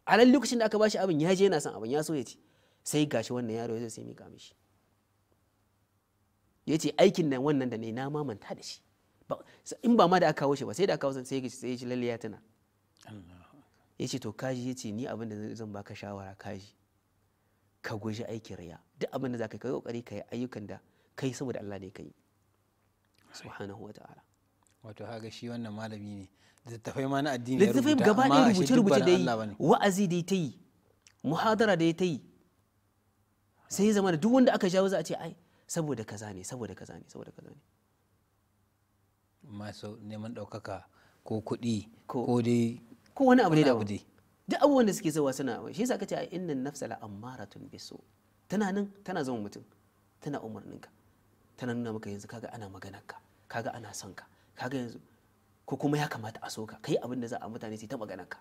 a lokacin da aka bashi abin ya je yana son abin ya so ya ci sai gashi wannan yaro ya sai mika mishi ya ce aikin nan wannan da ne na mamanta da shi in ba ma da aka kawo shi ba sai da aka kawo sai ya ci lalle ya tuna ya ce to kaji ya ce ni abin da zan baka shawara kaji ka guji aiki riya duk abin da za ka yi kokari ka yi ayyukan da kai saboda Allah ne ka yi subhanahu wa ta'ala wato haga shi wannan malami ne littafai ma na addini ya rubuta gaba ɗaya rubuce rubuce da yi wa'azi da ta yi muhadara da ta yi sai ya zama da duk wanda aka jawo za a ce ai saboda kaza ne saboda kaza ne saboda kaza ne masu neman ɗaukaka ko kuɗi ko dai ko wani abu ne da guje duk abubuwan da suke zawa suna shi yasa kace inna nafsa la amaratun bisu tana nan tana zama mutum tana umarninka tana nuna maka yanzu kaga ana ka kaga ana son ka kaga yanzu ko kuma ya kamata a so ka kai abin da za a mutane su ta ka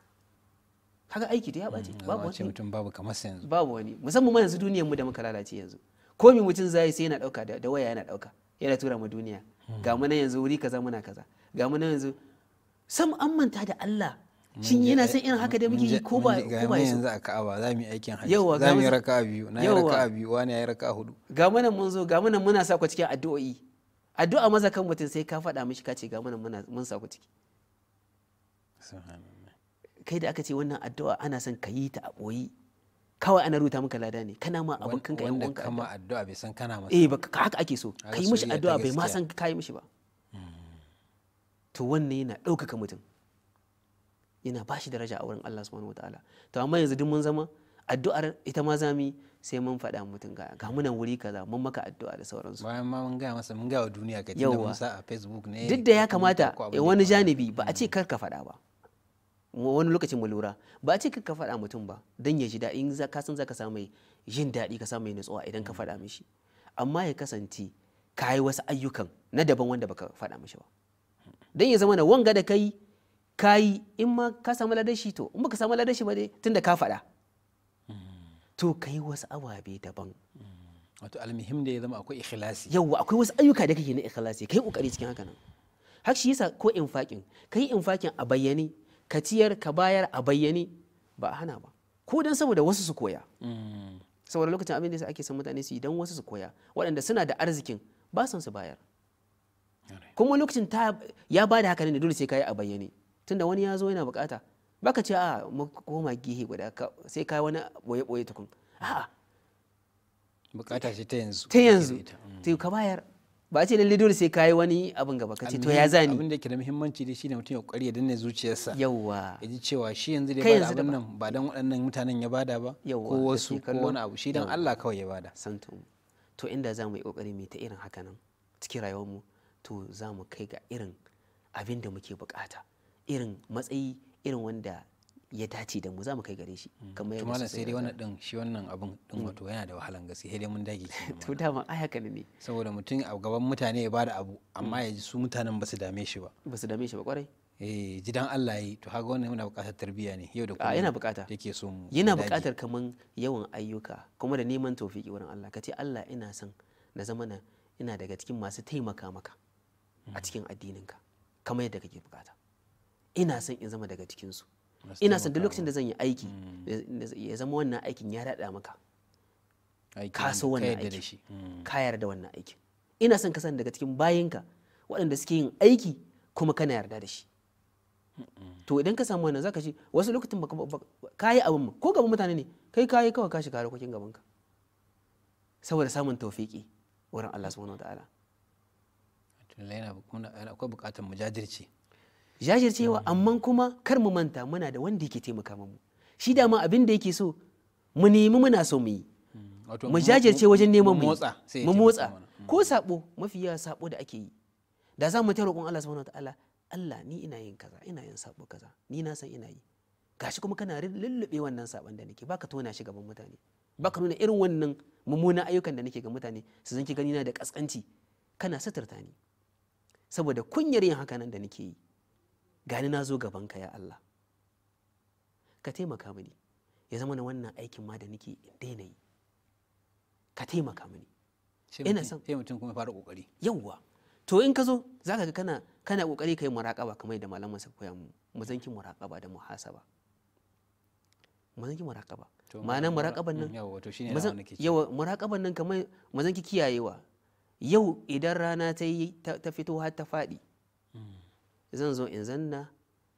kaga aiki da ya bace mm, babu wani mutum babu kamar yanzu babu wani musamman ma yanzu duniyar mu da muka lalace yanzu ko mi mutum zai sai yana dauka da waya yana dauka yana tura ma duniya hmm. ga mu nan yanzu wuri kaza muna kaza ga mu nan yanzu sam an manta da Allah shin yana san irin haka da muke yi ko ba ko ba yanzu a Ka'aba za mu yi aikin hajji za mu yi raka'a biyu na yi raka'a biyu wani ya yi raka'a hudu ga munan mun zo ga munan muna sa ku cikin addu'o'i addu'a maza kan mutum sai ka faɗa mishi ka ce ga munan muna mun sa ku ciki kai da aka ce wannan addu'a ana son ka yi ta a ɓoyi kawai ana rubuta maka lada ne kana ma abin kanka yan uwanka wanda kama addu'a bai san kana masa eh baka haka ake so kai mishi addu'a bai ma san kai mishi ba hmm. to wannan yana ɗaukaka mutum yana ba shi daraja a wurin Allah subhanahu wataala to amma yanzu duk mun zama addu'ar ita ma zami sai mun faɗa mutum ga ga munan wuri kaza mun maka addu'a da sauransu bayan ma mun ga masa mun ga wa duniya ga tinda mun sa a Facebook ne duk da ya kamata eh, wani janibi ba a ce mm. kar ka faɗa ba wani lokacin mu lura ba a ce kar ka faɗa mutum ba dan ya ji daɗi in ka san za ka samu jin daɗi ka samu nutsuwa idan ka faɗa mishi amma ya kasance ka yi wasu ayyukan na daban wanda baka faɗa mishi ba dan ya zama na wanga da kai kayi in ma ka samu ladashi to in baka samu ladashi ba dai tunda ka faɗa to kai wasu ababe daban wato almuhim da ya zama akwai ikhlasi yawa akwai wasu ayyuka da kake na ikhlasi kai kokari cikin haka nan har shi yasa ko infakin kai infakin a bayyane ka ciyar ka bayar a bayyane ba a hana ba ko dan saboda wasu su koya saboda lokacin abin da ake son mutane su idan wasu su koya waɗanda suna da arzikin ba son su bayar kuma lokacin ya bada haka ne dole sai ka a bayyane tunda wani ya zo yana bukata baka ce a koma gihe guda sai ka wani boye-boye tukun a'a bukata ce ta yanzu ta yanzu ta mm. ka bayar ba ce lalle dole sai kayi wani abin gaba ka ce to ya zani abin da ke da muhimmanci dai shine mutum ya kokari ya danne zuciyarsa yawa ya ji cewa shi yanzu da ba abun abin nan ba dan waɗannan mutanen ya bada ba ko wasu ko wani abu shi dan Allah kawai ya bada santo to inda za mu yi kokari mu ta irin haka nan cikin rayuwarmu to za mu kai ga irin abin da muke bukata irin matsayi irin wanda ya dace da mu za mu kai gare shi mm. kamar yadda malam sai dai wannan din shi wannan abun din mm. wato yana da wahalan gaske sai dai mun dage [laughs] to dama ai haka ne saboda mutum a gaban mutane ya bada abu amma mm. ya ji su mutanen ba su dame shi ba ba su dame shi ba kwarai eh jidan Allah yi to haka wannan yana buƙatar tarbiyya ne yau da kullum yana buƙata yake so mu yana buƙatar kaman yawan ayyuka kuma da neman tawfiki wurin Allah kace Allah ina son na zama na ina daga cikin masu taimaka maka a cikin addininka kamar yadda kake buƙata ina son in zama daga cikinsu ina son duk lokacin da zan yi aiki mm. ya zama wannan aikin ya daɗa maka ka so wannan aikin mm. ka yarda wannan aikin ina son ka san daga cikin bayinka waɗanda suke yin aiki kuma kana yarda da shi to idan ka samu wannan zaka ce wasu lokacin ka yi abin ko gaban mutane ne kai ka yi kawai ka shiga harkokin gaban ka saboda samun taufiki wurin Allah subhanahu wa ta'ala akwai bukatar mujadirci. jajircewa amma kuma kar mu manta muna da wanda yake taimaka mu shi dama abin da yake so mu nemi muna so mu yi hmm, mu jajirce wajen neman mu Mu motsa hmm. ko sabo mafi yawa sabo da ake yi da za mu ta roƙon Allah subhanahu wataala Allah ni ina yin kaza ina yin sabo kaza ni na san ina yi gashi kuma kana lullube wannan sabon da nake baka tona shi gaban mutane baka nuna irin wannan mummunan ayyukan da nake ga mutane su zanki gani na da kaskanci kana satarta ni saboda kunyar yin haka nan da nake yi gani na zo gabanka ya Allah ka taimaka mini ya zama na wannan aikin ma da nake in daina yi ka taimaka mini ina son sai mutum kuma fara kokari yawwa to in ka zo zaka ga kana kana kokari kai muraqaba kamar da malaman sa koya mu muzanki muraqaba da muhasaba muzanki muraqaba ma'ana muraqaban nan mm, yawa to shine nan nake yawa muraqaban nan kamar muzanki kiyayewa yau idan rana ta ta fito har ta fadi zan zo in zanna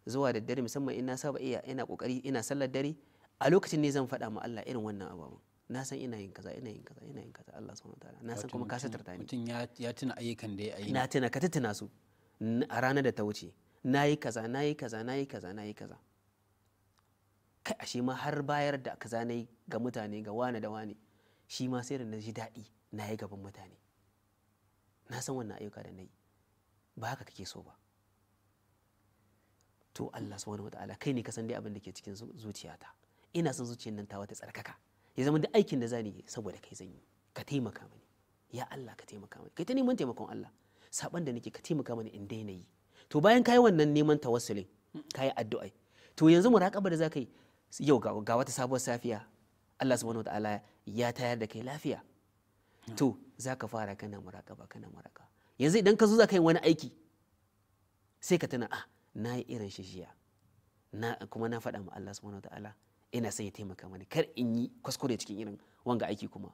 zuwa da dare musamman ina saba iya ina kokari ina sallar dare a lokacin ne zan faɗa ma Allah irin wannan abu na san ina yin kaza ina yin kaza ina yin kaza Allah subhanahu wataala na san kuma ka satarta ni mutum ya tuna ayyukan da ya yi na tuna ka tuna su a ranar da ta wuce na yi kaza na yi kaza na yi kaza na yi kaza kai a shi ma har bayar da kaza nayi ga mutane ga wane da wane shi ma sai da na ji daɗi na yi gaban mutane na san wannan ayyuka da na yi ba haka kake so ba to Allah subhanahu wataala kai ne ka san dai abin da ke cikin zuciyata ina son zuciyar nan tawa ta tsarkaka ya zama duk aikin da zani saboda kai zan yi ka taimaka mani ya Allah ka taimaka mani kai ta neman taimakon Allah saban da nake ka taimaka mani in daina yi to bayan kayi wannan neman tawassulin kayi addu'a. to yanzu muraqaba da zakai yau ga wata sabuwar safiya Allah subhanahu wataala ya tayar da kai lafiya to zaka fara kana muraqaba kana muraqaba yanzu idan ka zo zaka yi wani aiki sai ka tana ah na yi irin shi jiya kuma na faɗa ma Allah subhanahu ta'ala ina son ya taimaka mani kar in yi kuskure cikin irin wanga aiki kuma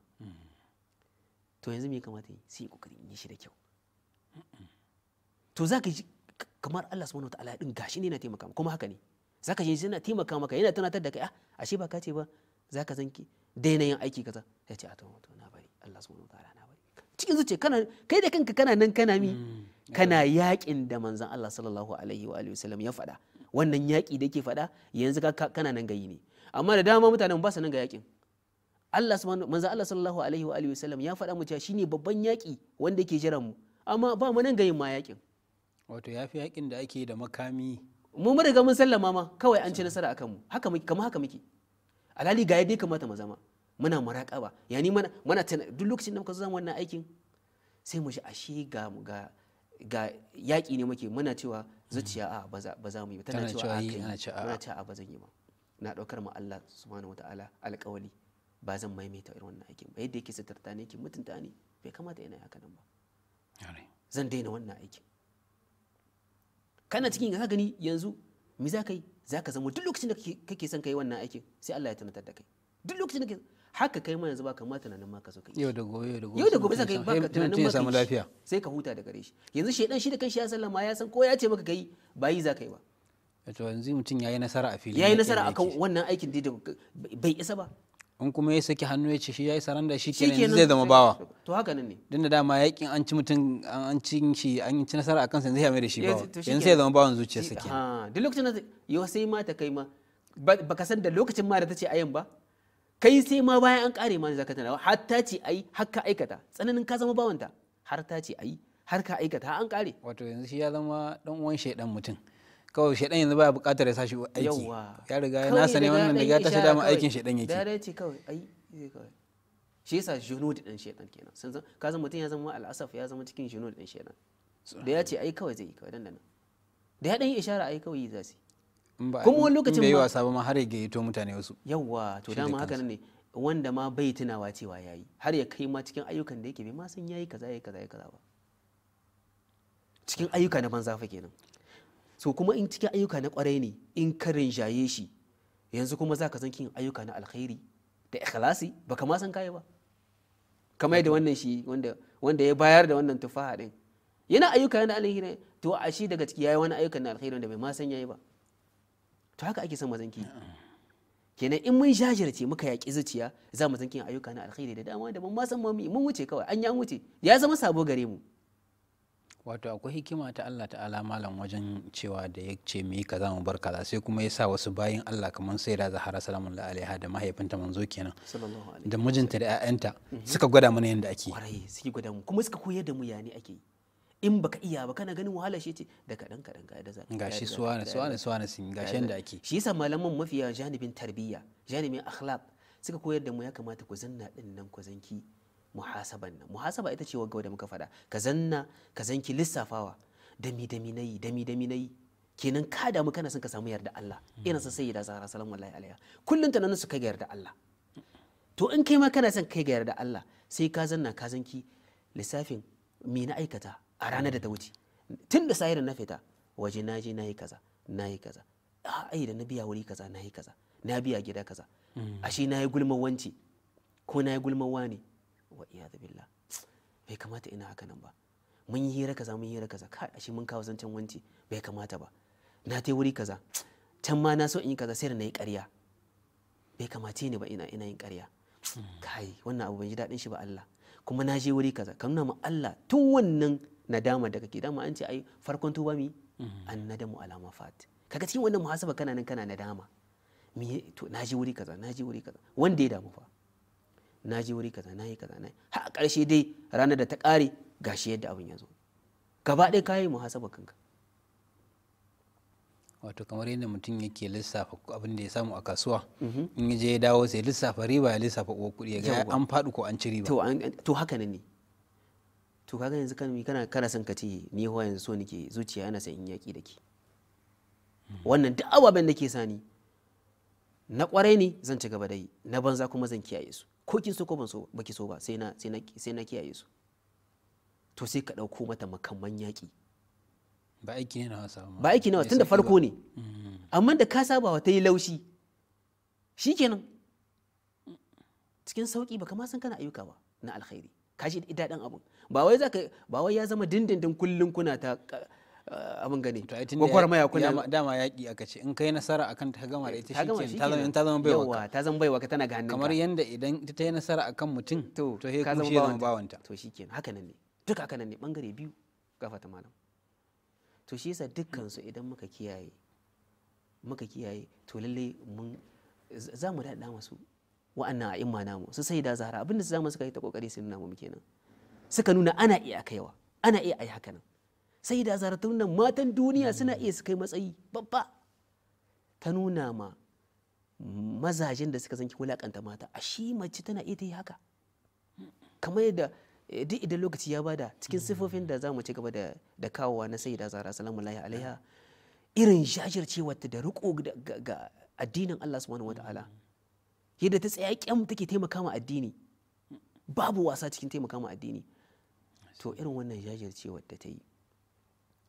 to yanzu me kamata yi sai kokari in yi shi da kyau to zaka ji kamar Allah subhanahu ta'ala din gashi ne yana taimaka kuma haka ne zaka ji yana taimaka maka yana tunatar da kai ah ashe ba ka ce ba zaka zanki daina yin aiki kaza sai ce a ah, to na bari Allah subhanahu ta'ala na bari cikin zuciya kana kai da kanka kana nan kana mi kana eh. yakin da manzon Allah sallallahu alaihi wa sallam ya faɗa wannan yaki da ke faɗa yanzu kana nan gayi ne amma da dama mutanen ba su nan ga yakin Allah manzon Allah sallallahu alaihi wa sallam ya faɗa mu cewa shine babban yaki wanda yake jiran mu amma ba mu nan gayin ma yakin wato yafi yakin da ake da makami mu mu riga mun sallama ma kawai an ci nasara akan mu haka muke kamar haka muke alhali ga yadda ya kamata mu zama muna muraƙaba yani mana mana duk lokacin da muka zama wannan aikin sai mu shi ashe ga mu ga ga yaƙi ne muke muna cewa zuciya a ba za mu yi tana cewa a kai muna cewa a ba zan yi ba na ɗaukar ma Allah subhanahu ta'ala alƙawali ba zan maimaita irin wannan aikin ba yadda yake sitarta ne yake mutunta ne bai kamata yana haka nan ba zan daina wannan aikin kana cikin ka gani yanzu me za ka yi za ka zama duk lokacin da kake son ka yi wannan aikin sai Allah ya tunatar da kai duk lokacin da kake haka kai ma yanzu ba kamar tunanin ma ka so kai yau da gobe yau da gobe yau da gobe sai ba baka tunanin ma yi lafiya sai ka huta da gare shi yanzu shedan shi da shi ya sallama ya san ko ya ce maka kai ba yi za ka yi ba to yanzu mutum yayi nasara a fili yayi nasara akan wannan aikin da bai isa ba in kuma ya saki hannu ya ce shi ya yi da shi kenan zai zama bawa to haka nan ne dinda da dama yakin an ci mutum an ci shi an ci nasara akan sa zai mai da shi bawa yanzu sai zama bawan zuciya sake ha duk lokacin yau sai ma ta kai ma baka san da lokacin ma da ce ayan ba kai sai ma bayan an kare ma zaka tana har ta ce ai har ka aikata tsananin ka zama bawanta har ta ce ai har ka aikata an kare wato yanzu shi ya zama dan uwan shaidan mutum kawai shaidan yanzu baya buƙatar ya sashi aiki aiki ya riga ya nasa ne wannan daga ta shida ma aikin shaidan yake da ce kawai ai kawai shi yasa junud din shaidan kenan san san ka zama mutum ya zama al'asaf ya zama cikin junud din shaidan da ya ce ai kawai zai yi kawai dan da ya dan yi ishara ai kawai yi zai kuma wani lokacin ba yawa sabon har ya gayyato mutane wasu yawa to dama haka ne wanda ma bai tunawa cewa yayi har ya kai ma cikin ayyukan da yake bai ma san yayi kaza yayi kaza yayi kaza ba cikin ayyuka na banza fa kenan so kuma in cikin ayyuka na kwarai ne in karin jaye shi yanzu kuma zaka san kin ayyuka na alkhairi da ikhlasi baka ma san kai ba kamar da wannan shi wanda wanda ya bayar da wannan tufaha din yana ayyuka yana alheri to a shi daga ciki yayi wani ayyukan na alkhairi wanda bai ma san yayi ba to haka ake son mazanki kenan in mun jajirce muka yaƙi zuciya za mu zankin ayyuka na alkhairi da dama da ban ma san mun wuce kawai an ya wuce ya zama sabo gare mu wato akwai hikima ta Allah ta'ala malam wajen cewa da ya ce mu yi kaza mu bar kaza sai kuma ya sa wasu bayin Allah kamar sai da Zahara salamun la alaiha da mahaifinta manzo kenan da mijinta da 'ya'yanta mhm. suka gwada mana yanda ake kwarai suke gwada mu kuma suka koyar da mu yani ake yi in baka iya ba kana ganin wahala shi ce da kaɗan kaɗan ga da za gashi suwana suwana suwana sun gashi yanda ake shi yasa malaman mafiya janibin tarbiyya janibin akhlaq suka koyar da mu ya kamata ku zanna din nan ku zanki muhasaban nan muhasaba ita ce wagga da muka faɗa ka zanna ka zanki lissafawa dami dami nayi dami dami nayi kenan ka damu kana son ka samu yarda Allah ina son sayyida zahra salamu alaihi alaiha kullun nan su kai ga yarda Allah to in kai ma kana son kai ga yarda Allah sai ka zanna ka zanki lissafin me na aikata a ranar da ta wuce tun da sahirin na fita waje na je na yi kaza na yi kaza ayi da na biya wuri kaza na yi kaza na biya gida kaza hmm. ashe na yi gulman wanci ko na yi gulman wani wa iyadu billah bai kamata ina haka nan ba mun yi hira kaza mun yi hira kaza kai ashe mun kawo zancen wanci bai kamata ba na tai wuri kaza can ma na so in yi kaza sai da na yi ƙarya bai kamata ne ba ina ina yin ƙarya hmm. kai wannan abu ban ji daɗin shi ba Allah kuma na je wuri kaza ka nuna ma Allah tun wannan nadama daga ke dama an ce ai farkon tuba mi mhm. an nadamu alama fat kaga cikin wannan muhasaba kana nan kana nadama me to naji wuri kaza naji wuri kaza wanda ya damu fa naji wuri kaza nayi kaza nayi ha karshe dai ranar da ta kare gashi yadda abin ya zo gaba ɗaya kayi muhasaba kanka wato kamar yadda mutum yake lissafa abin da ya samu a kasuwa mhm. in je ya dawo sai lissafa riba ya lissafa kuɗi ya ga an faɗi ko an ci riba to haka ne to kaga yanzu kan kana kana son ka ce ni huwa yanzu so nake zuciya yana son in yaki da ke wannan duk ababen da ke sani na ƙwarai ne zan ci gaba da yi na banza kuma zan kiyaye su ko kin so ko ban so baki so ba sai na sai na sai na kiyaye su to sai ka dauko mata makamman yaki ba aiki ne na wasa ba aiki ne tunda farko ne mm. amma da ka saba wa ta yi laushi shikenan cikin sauki ba kamar san kana ayyuka ba na alkhairi kashi ita dan abun ba wai zaka ba wai ya zama dindindin kullun kuna ta eh, abin gane kwakwar maya kuna dama yaki aka ce in kai nasara akan ta gama da ita shikenan ta zama ta zama baiwa ta zama baiwa ka tana ganin kamar yanda idan ita ta yi nasara akan mutum to he kuma shi zama bawanta to shikenan haka nan ne duk haka nan ne bangare biyu gafa ta malam to shi yasa dukkan su idan muka kiyaye muka kiyaye to lalle mun za mu dada masu wa'annan a imma namu su sai da zahara abinda su zama suka yi ta kokari su nuna mu nan suka nuna ana iya yawa ana iya ai haka nan sai da zahara ta nuna matan duniya suna iya su kai matsayi babba ta nuna ma mazajen da suka zanki wulakanta mata a shi mace tana iya ta yi haka kamar yadda eh, duk idan lokaci ya bada cikin sifofin da za mu ci gaba da kawowa na sai da zara salamu alaiha irin jajircewa da riko ga addinin Allah subhanahu Ta'ala. yadda ta tsaya kyan take taimaka ma addini babu wasa cikin taimaka ma addini to irin wannan jajircewar da ta yi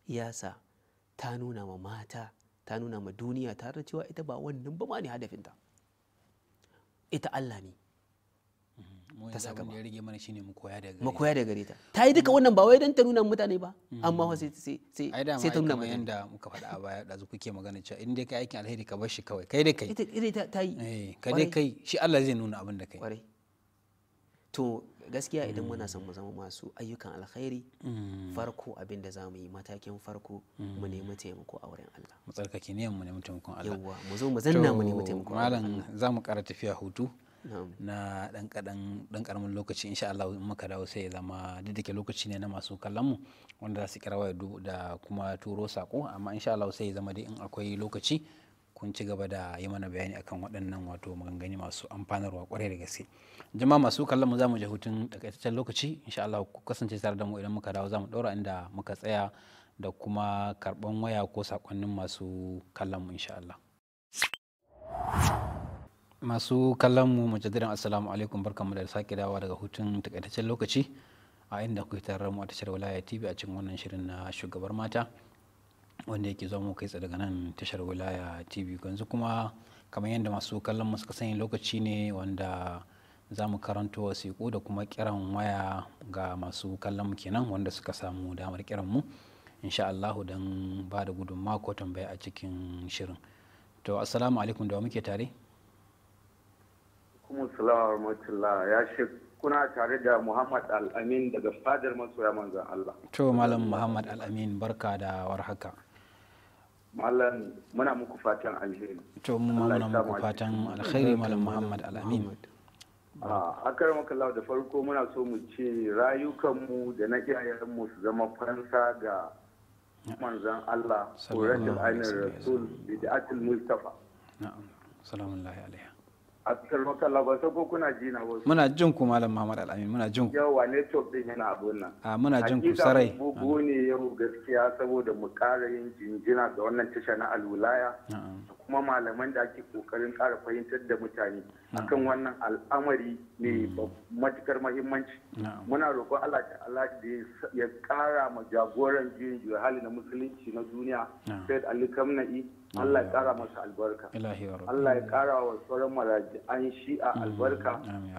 yasa ta nuna ma mata ta nuna ma duniya tare da cewa ita ba wannan ba ma ne hadafinta ita Allah ne ta saka ba mu koya daga gare ta ta yi duka wannan ba wai don ta nuna mutane ba mm. amma fa sai sai sai ta nuna mutane yanda muka faɗa a baya dazu kuke magana cewa in dai kai aikin alheri ka bar shi kawai kai dai kai ita ita ta yi eh, ka dai kai shi Allah zai nuna abin da kai kwarai to gaskiya idan mm. muna son mu zama masu ayyukan alkhairi mm. farko abin da zamu yi matakin farko mu nemi taimako a wurin Allah mu tsarkake neman mu nemi taimakon Allah yawwa mu zo mu zanna mu nemi taimakon Allah malam zamu kara tafiya hutu na dan kadan karamin lokaci insha Allah in muka dawo sai ya zama duk lokaci ne na masu kallon mu wanda za su kira waya da kuma turo sako amma insha Allah sai ya zama dai in akwai lokaci kun ci gaba da yi mana bayani akan waɗannan wato maganganu masu amfanarwa kwarai da gaske jama'a masu kallon mu za mu je hutun takaitaccen lokaci insha Allah ku kasance tare da mu idan muka dawo za mu ɗora inda muka tsaya da kuma karɓan waya ko sakonnin masu kallon mu insha Allah masu kallon mu mujaddidan assalamu alaikum barkanmu da sake dawowa daga hutun takaitaccen lokaci a inda kuke tare mu a tashar wilaya tv a cikin wannan shirin na shugabar mata wanda yake zuwa mu kai tsaye daga nan tashar wilaya tv yanzu kuma kamar yadda masu kallon mu suka sani lokaci ne wanda za mu karanto wasiƙu da kuma kiran waya ga masu kallon mu kenan wanda suka samu damar kiran mu insha Allahu don ba da gudunmawa ko tambaya a cikin shirin to assalamu alaikum da muke tare Kuma salamu rahmatullah ya shi kuna tare da Muhammad al'amin daga fadar masoya manzan Allah. To Malam Muhammad al'amin barka da warhaka. Malam muna muku fatan alheri. To muna muku fatan alheri Malam Muhammad al'amin. A karmaka da farko muna so mu ce rayukanmu da na iyayenmu su zama fansa ga manzan Allah, Rasul, Bid'atul Mustafa. Na'am. Salamun alaihi. a karno kalla ba ko kuna ji na wasu muna jin ku malam Muhammad al muna jin ku yawa network din yana abun nan a ah, muna jin ku sarai bugu ne yau gaskiya saboda mu kara yin jinjina da wannan tasha na alwulaya da kuma malaman da ake kokarin kara fahimtar da mutane kan wannan al'amari ne mm. matukar muhimmanci muna roƙon Allah ta Allah da ya kara ma jagoran juyin juya hali na musulunci na duniya sai Ali Allah ya kara masa albarka Allah ya kara wa sauran shi a mm-hmm. albarka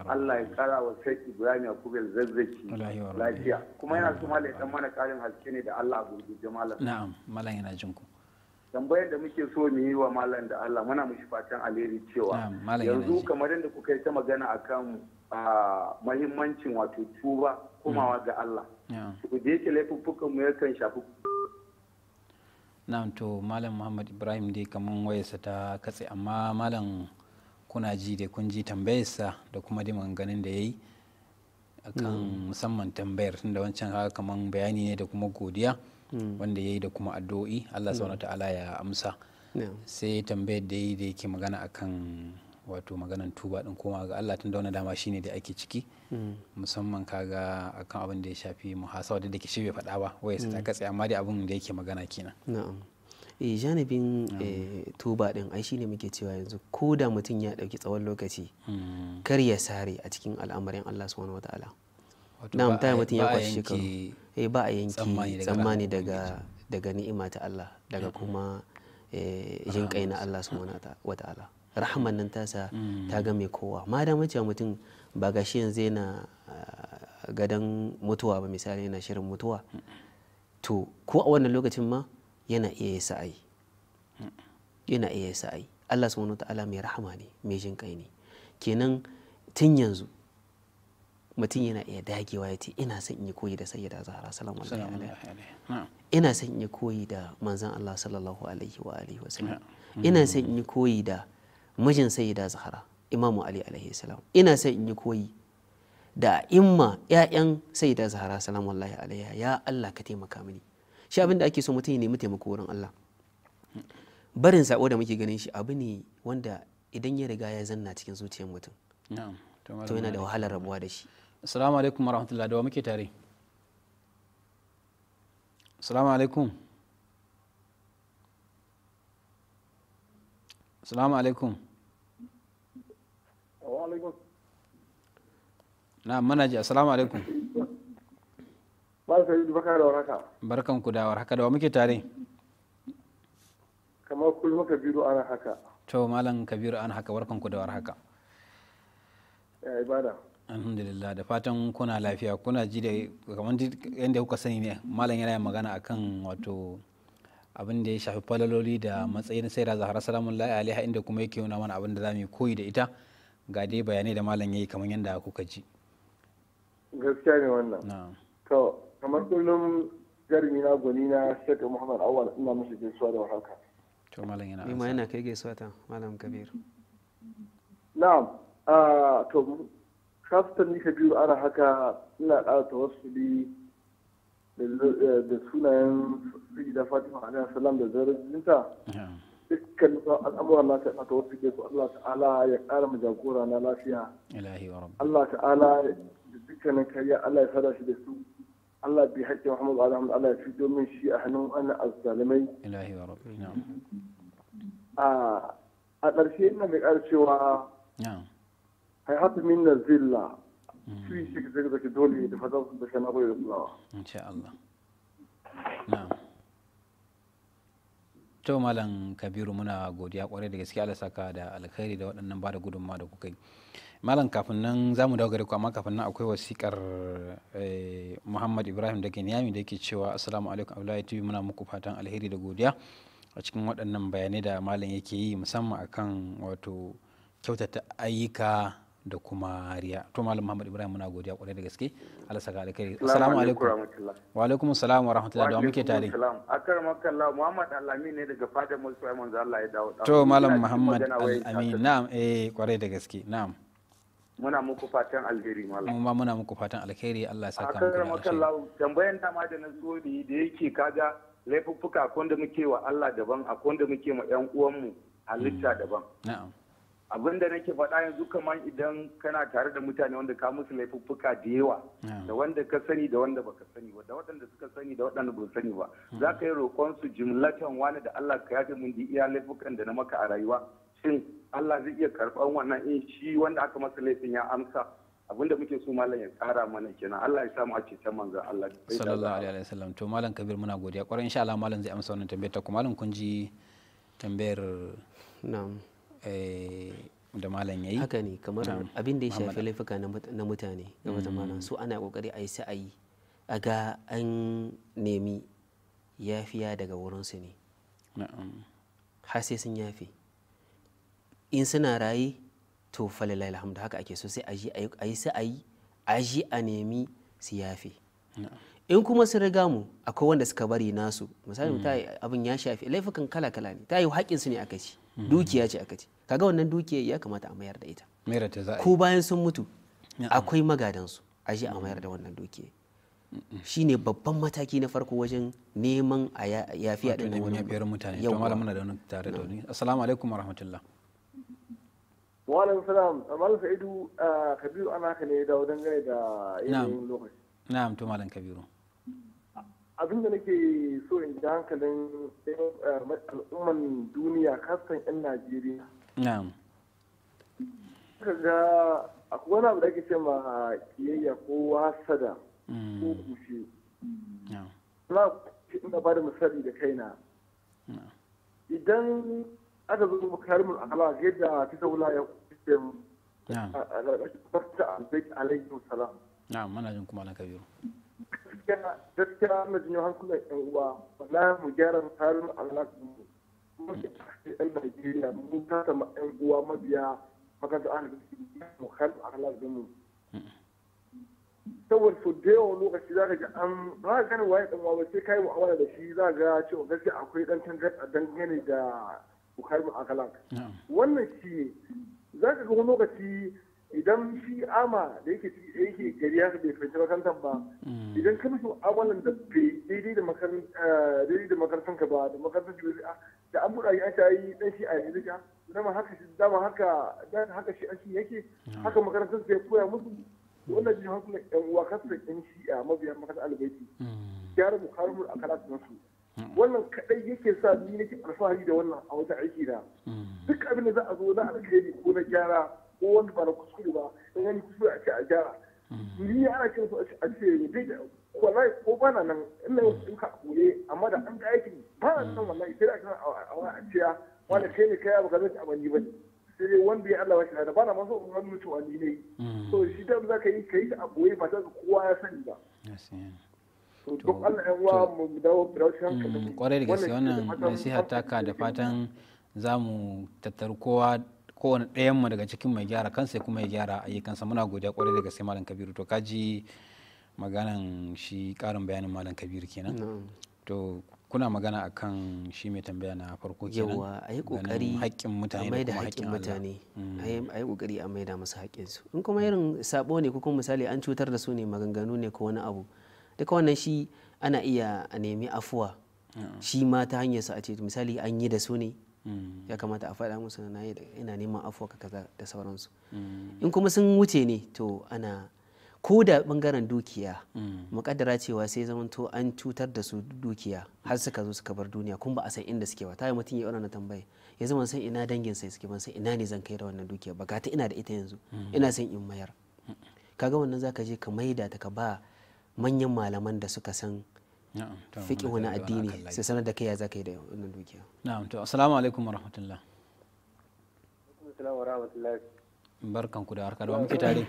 Allah ya kara wa sai Ibrahim kubel zazzaki lafiya kuma yana so malai dan mana karin haske ne da Allah a gurguje malam na'am malam yana jin ku tambayar da muke so mu yi wa malam da Allah muna mushi fatan alheri cewa yanzu kamar yadda kuka yi ta magana akan mahimmancin wato tuba komawa mm. ga Allah Ku je yake laifuffukan mu yakan shafi na'am to malam muhammad ibrahim dai kaman wayarsa ta katse amma malam kuna ji da kun ji tambayarsa da kuma dai maganganun da ya yi akan mm. musamman tambayar tun da wancan haka kamar bayani ne da kuma godiya mm. wanda ya yi da kuma addu'o'i allah mm. sauna ta'ala ya amsa sai tambayar da yi da yake magana akan wato maganan tuba din koma ga Allah tun da wani dama shine da ake ciki hmm. musamman kaga akan abin da ya shafi muhasawa da dake shi bai faɗa ba waye sai ta hmm. katse amma dai abin da yake magana kenan na'am eh janibin eh, tuba din ai shine muke cewa yanzu ko da mutum ya dauki tsawon lokaci hmm. kar ya sare a cikin al'amarin Allah subhanahu wataala na'am ta mutum ya kwashi shekaru eh ba a yanki tsammani daga daga ni'ima ta Allah daga kuma eh, jin kai na Allah subhanahu wataala rahman nan tasa mm. ta ga mai kowa ma da mace mutum ba ga shi yanzu yana ah, gadon mutuwa ba misali yana shirin mutuwa to ko a wannan lokacin ma yana iya yi sa'ai yana iya yi sa'ai Allah subhanahu ta'ala mai rahama ne mai jin kai ne kenan tun yanzu mutum yana iya dagewa ya ce ina son in yi koyi da sayyida zahra salamu alaihi ina son in yi koyi da manzon Allah sallallahu alaihi wa alihi wa sallam ina son mm. in yi koyi da mijin sayyida zahara imamu ali alaihi salam ina sai in yi koyi da imma ƴaƴan sayyida zahara salamu wallahi alaiha ya Allah ka taimaka mini shi abin da ake so mutum ya nemi taimako wurin Allah barin sako da muke ganin shi abu ne wanda idan ya riga ya zanna cikin zuciyar mutum to yana da wahalar rabuwa da shi assalamu alaikum warahmatullahi da wa muke tare assalamu alaikum assalamu alaikum alaikum na manaji assalamu alaikum barka yi baka da warhaka barkan ku da warhaka da wa muke tare kamar kulma kabiru ana haka to malam kabiru ana haka barkan ku da warhaka ya ibada alhamdulillah da fatan kuna lafiya kuna ji da kamar yadda kuka sani ne malam yana magana akan wato abin da ya shafi falaloli da matsayin sai da zahara salamun la'ayi inda kuma yake nuna mana abin da za mu koyi da ita ga dai bayanai da malam yayi kamar yadda kuka ji gaskiya ne wannan to kamar kullum jarumi na goni na Sheikh Muhammad Awal ina musu gaisuwa da haka to malam yana ma yana kai gaisuwa ta malam Kabir na'am ah, to kaftan ni Kabiru ana haka ina wasu tawassuli da eh, sunayen da Fatima alaihi salam da zarar jinta. dukkan al'amura na ta ta wasu ke su Allah ta'ala ya ƙara mu jagora na lafiya ilahi wa rabbi Allah ta'ala da dukkanin kariya Allah ya sada shi da su Allah bi haƙƙi Muhammadu Alhamdu Allah ya fito min shi a hannun ana azzalimai ilahi wa rabbi na'am a ƙarshe ina mai ƙara cewa hayatu min na zilla fi shi zai zaki dole da fatan su da shana bai da kulawa insha Allah na'am to malam kabiru muna godiya kwarai da gaske alasaka da alkhairi da waɗannan ba da gudunmawa da kuka yi malam kafin nan za mu dawo gare ku amma kafin nan akwai wasikar eh, muhammad ibrahim da niyami da yake cewa assalamu alaikum abdullahi tv muna muku fatan alheri da godiya a cikin waɗannan bayanai da malam yake yi musamman akan wato kyautata ayyuka da kuma riya to malam muhammad ibrahim muna godiya kwarai da gaske Allah saka alkhairi assalamu alaikum wa alaikum assalam wa rahmatullahi da muke tare akar makalla muhammad alamin ne daga fadar musulmai manzo Allah ya dawo to malam muhammad alamin na'am eh kwarai da gaske na'am muna muku fatan alheri malam mu ma muna muku fatan alheri Allah ya saka muku alheri akar makalla tambayan ma da na da yake kaga laifuffuka akwai da muke wa Allah daban akwai da muke ma yan uwanmu halitta mm. daban na'am abin da nake faɗa yanzu kamar idan kana tare da mutane wanda ka musu laifuffuka da yawa da wanda ka sani da wanda baka sani ba da waɗanda suka sani da waɗanda ba sani ba hmm. za ka yi roƙon su jimlatan wani da Allah ka yafe mun iya laifukan da na maka a rayuwa shin Allah zai iya karɓan wannan in eh, shi wanda aka masa laifin ya amsa abinda muke so malam ya tsara mana kenan Allah ya samu a ceton manzon Allah sallallahu alaihi wasallam to malam kabir muna godiya kwarai insha Allah malam zai amsa wannan tambayar ta kuma malam kun ji tambayar na'am Eh, da malam yayi haka ne kamar mm. abin da ya shafi laifuka na mutane game da malam mm. su ana kokari a yi sa'ayi a ga an nemi yafiya daga wurinsu ne har sai sun yafe in suna raye to falilai alhamdu haka ake so sai a yi sa'ayi a ji a nemi su yafe in kuma sun riga mu akwai wanda suka bari nasu misali mm. abin ya shafi laifukan kala-kala ne ta yi haƙƙinsu ne aka ci Hmm. dukiya ce aka ce kaga wannan dukiya ya kamata a mayar da ita ko bayan sun mutu akwai magadansu a a mayar da wannan dukiya shine babban mataki na farko wajen neman a yafiya din wani biyar mutane to malam muna da wani tare da wani assalamu alaikum rahmatullah wa alaikum salam sa'idu ah, kabiru ana haka ne da dangane da yanayin lokaci na'am to malam kabiru abin da nake so in ji hankalin al'umman duniya kasan 'yan najeriya ka ga akwai wani abu da ake ce ma kiyayya ko wasada ko bushe na inda ba da misali da kaina idan aka zo mu karimin akala yadda ta wula ya kuce mu a ƙarƙashin farta alaihi salam na manajin kuma na kabiru gaskiya na jinyo hankulan yan uwa wallahi mu gyara tsarin alaƙa mu yan Najeriya mun kasa ma yan uwa mabiya makasa an mu kan alaƙa mu saboda so da yawan lokaci za ka ga an za ka gane waye dan wawa sai kai mu'amala da shi za ga cewa gaskiya akwai dan tangar a dangane da bukari mu wannan shi ne za ka ga wani lokaci idan shi ama da yake yake gari ya bai fahimci makarantar ba mm. idan ka mutu amalan da bai daidai da eh, daidai da makarantar ka ba da makarantar shi bai ah, da an buɗa an shayi dan shi a yanzu ka ah, dama haka shi dama haka dan haka shi an shi yake mm. haka makarantar ya koya musu wannan jin hankulan yan uwa kasu da yan a mabiyan makarantar albaiti mm. gyara mu har a karatun su wannan kadai yake sa ni nake alfahari da wannan a wata aiki na duk abin da za a zo na alkhairi ko na gyara ko wanda ba na kuskure ba in gani kuskure a ce a gyara ya ana cin su a ce ne dai wallahi ko ba na nan ina yin duka a koye amma da an ga aikin ba na nan wallahi sai da aka a wani a ciya wanda kai ne kai abu ka zai abani ba ne sai dai wanda ya Allah ya da ba na maso in wani mutuwa ni ne mm. so shi da za ka yi ka yi a koye ba ta kowa ya sani ba duk Allah ya wa mu dawo production kwarai mm, da gaske wannan nasiha taka da fatan za mu tattar kowa kowane ɗayan mu daga cikin mai gyara kansa kuma ya gyara ayyukansa muna godiya kwarai daga sai malam kabiru to kaji maganan shi karin bayanin malam kabiru kenan to kuna magana akan shi mai tambaya na farko kenan yawa a yi kokari haƙƙin mutane da haƙƙin mutane a mm. yi kokari a maida musu haƙƙin su in kuma irin sabo ne ko kuma misali an cutar da su ne maganganu ne ko wani abu duka wannan shi ana iya a nemi afuwa shi ma ta hanyar su a ce misali an yi da su ne Mm. ya kamata a faɗa musu na yi ina neman afuwa kaza da sauransu mm. in kuma sun wuce ne to ana ko da bangaren dukiya mm. muƙaddara cewa sai zamanto an cutar da su dukiya har suka zo suka bar duniya kuma ba a san inda suke ba ta yi mutum ya yi wannan tambayi ya zama san ina dangin sai suke ban san ina ne zan kai da wannan dukiya ba ta ina da ita yanzu ina san in mayar kaga wannan zaka je ka maida ta ka ba manyan malaman da suka san fiƙin wani addini sai sanar da kai ya zaka yi da wannan dukiya na'am to assalamu alaikum wa rahmatullah barkan ku da harka da muke tare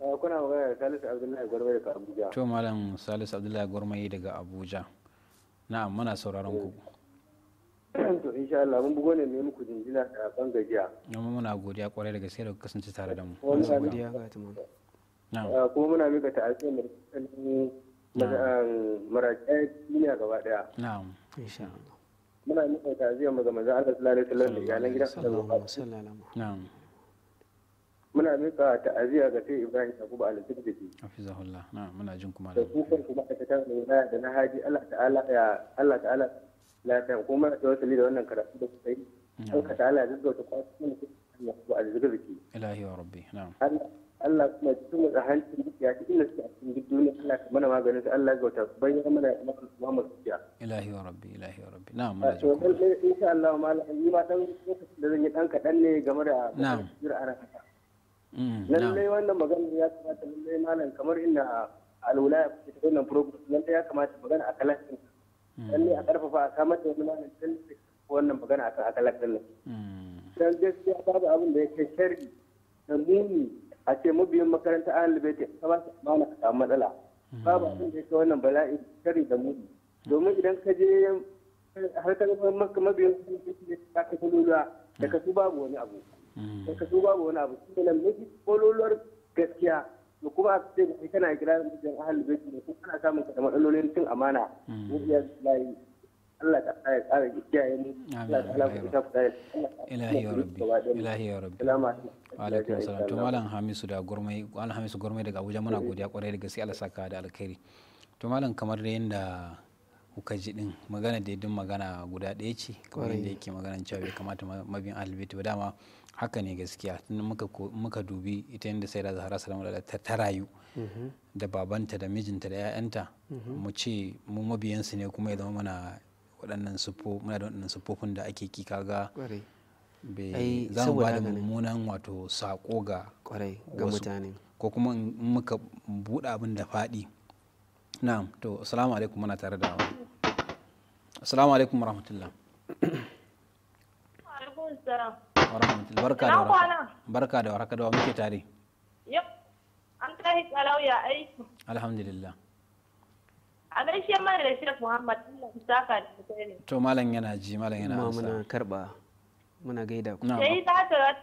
eh, kuna magana da salisu abdullahi gwarmai daga abuja to malam salisu abdullahi gwarmai daga abuja na'am muna sauraron ku eh, to insha Allah mun bugo ne mai muku jinjina a ban gajiya amma muna godiya kwarai da gaske da kasance tare da mu muna godiya ga tumu na'am eh, kuma muna mika ta'aziyya maraƙi duniya gaba daya na'am insha Allah muna nufin ta'aziyya mu ga manzon Allah sallallahu alaihi wasallam da iyalan gidan da na'am muna mika ta'aziyya ga sai Ibrahim Yakubu Al-Sirri hafizahullah na'am muna jin kuma da kufar kuma ta ta da da na haji Allah ta'ala ya Allah ta'ala la ta kuma da wasali da wannan karatu da kuka yi Allah ta'ala ya zuwa ta kwasu ne Yakubu Al-Sirri ilahi wa rabbi na'am Allah kuma cikin da hancin dukiya ta ina su a cikin duk duniya Allah ka mana magani su Allah ga wata ya mana ya maka kuma masu dukiya ilahi wa rabbi ilahi wa rabbi na'am mun ji ko Allah ma dan lokacin da zan yi dan kadan ne game da na'am mm, ya kamata kamar inda a mm. lallai a karfafa a samar da magana a mm. dan gaskiya babu abin da ya kai sharri da muni a ce mabiyin makaranta an libeti ka ba su amana ka samu matsala hmm. babu abin da ka wannan bala'i kari da mudu domin idan ka je har ka ga maka mabiyin ka ka lulluwa da ka su babu wani abu hmm. da ka su babu wani abu sun ne mafi kololuwar gaskiya da kuma a ce kana kira mabiyin ahlul libeti da kuma ana samun ka da matsalolin cin amana hmm. ne layi Allah ta ilahi ya ilahi ya alaikum assalam to malam Hamisu da gurmai malam Hamisu gurmai daga Abuja muna godiya kwarai da gaske Allah saka da alkhairi to malam kamar da yanda kuka ji din magana da din magana guda ɗaya ce kamar yadda yake magana cewa bai kamata mabiyan alibiti ba dama haka ne gaskiya muka dubi ita yadda sai da zahara salamu ta ta rayu mm-hmm. da babanta da mijinta da 'ya'yanta mm-hmm. mu ce mu mabiyansu ne kuma ya zama mana waɗannan sufo muna da waɗannan siffofin da ake ki kaga bai za mu ba da mummunan wato sako ga mutane ko kuma in muka buɗe abin da faɗi na'am to assalamu alaikum muna tare da assalamu alaikum rahmatullah barka da warhaka barka da warhaka da muke tare yep an tahi tsalauya aiki alhamdulillah a gaishe mana da Sheikh Muhammad Saka da ne. To malam yana ji malam yana amsa. Muna karba muna gaida ku. Sai ta ta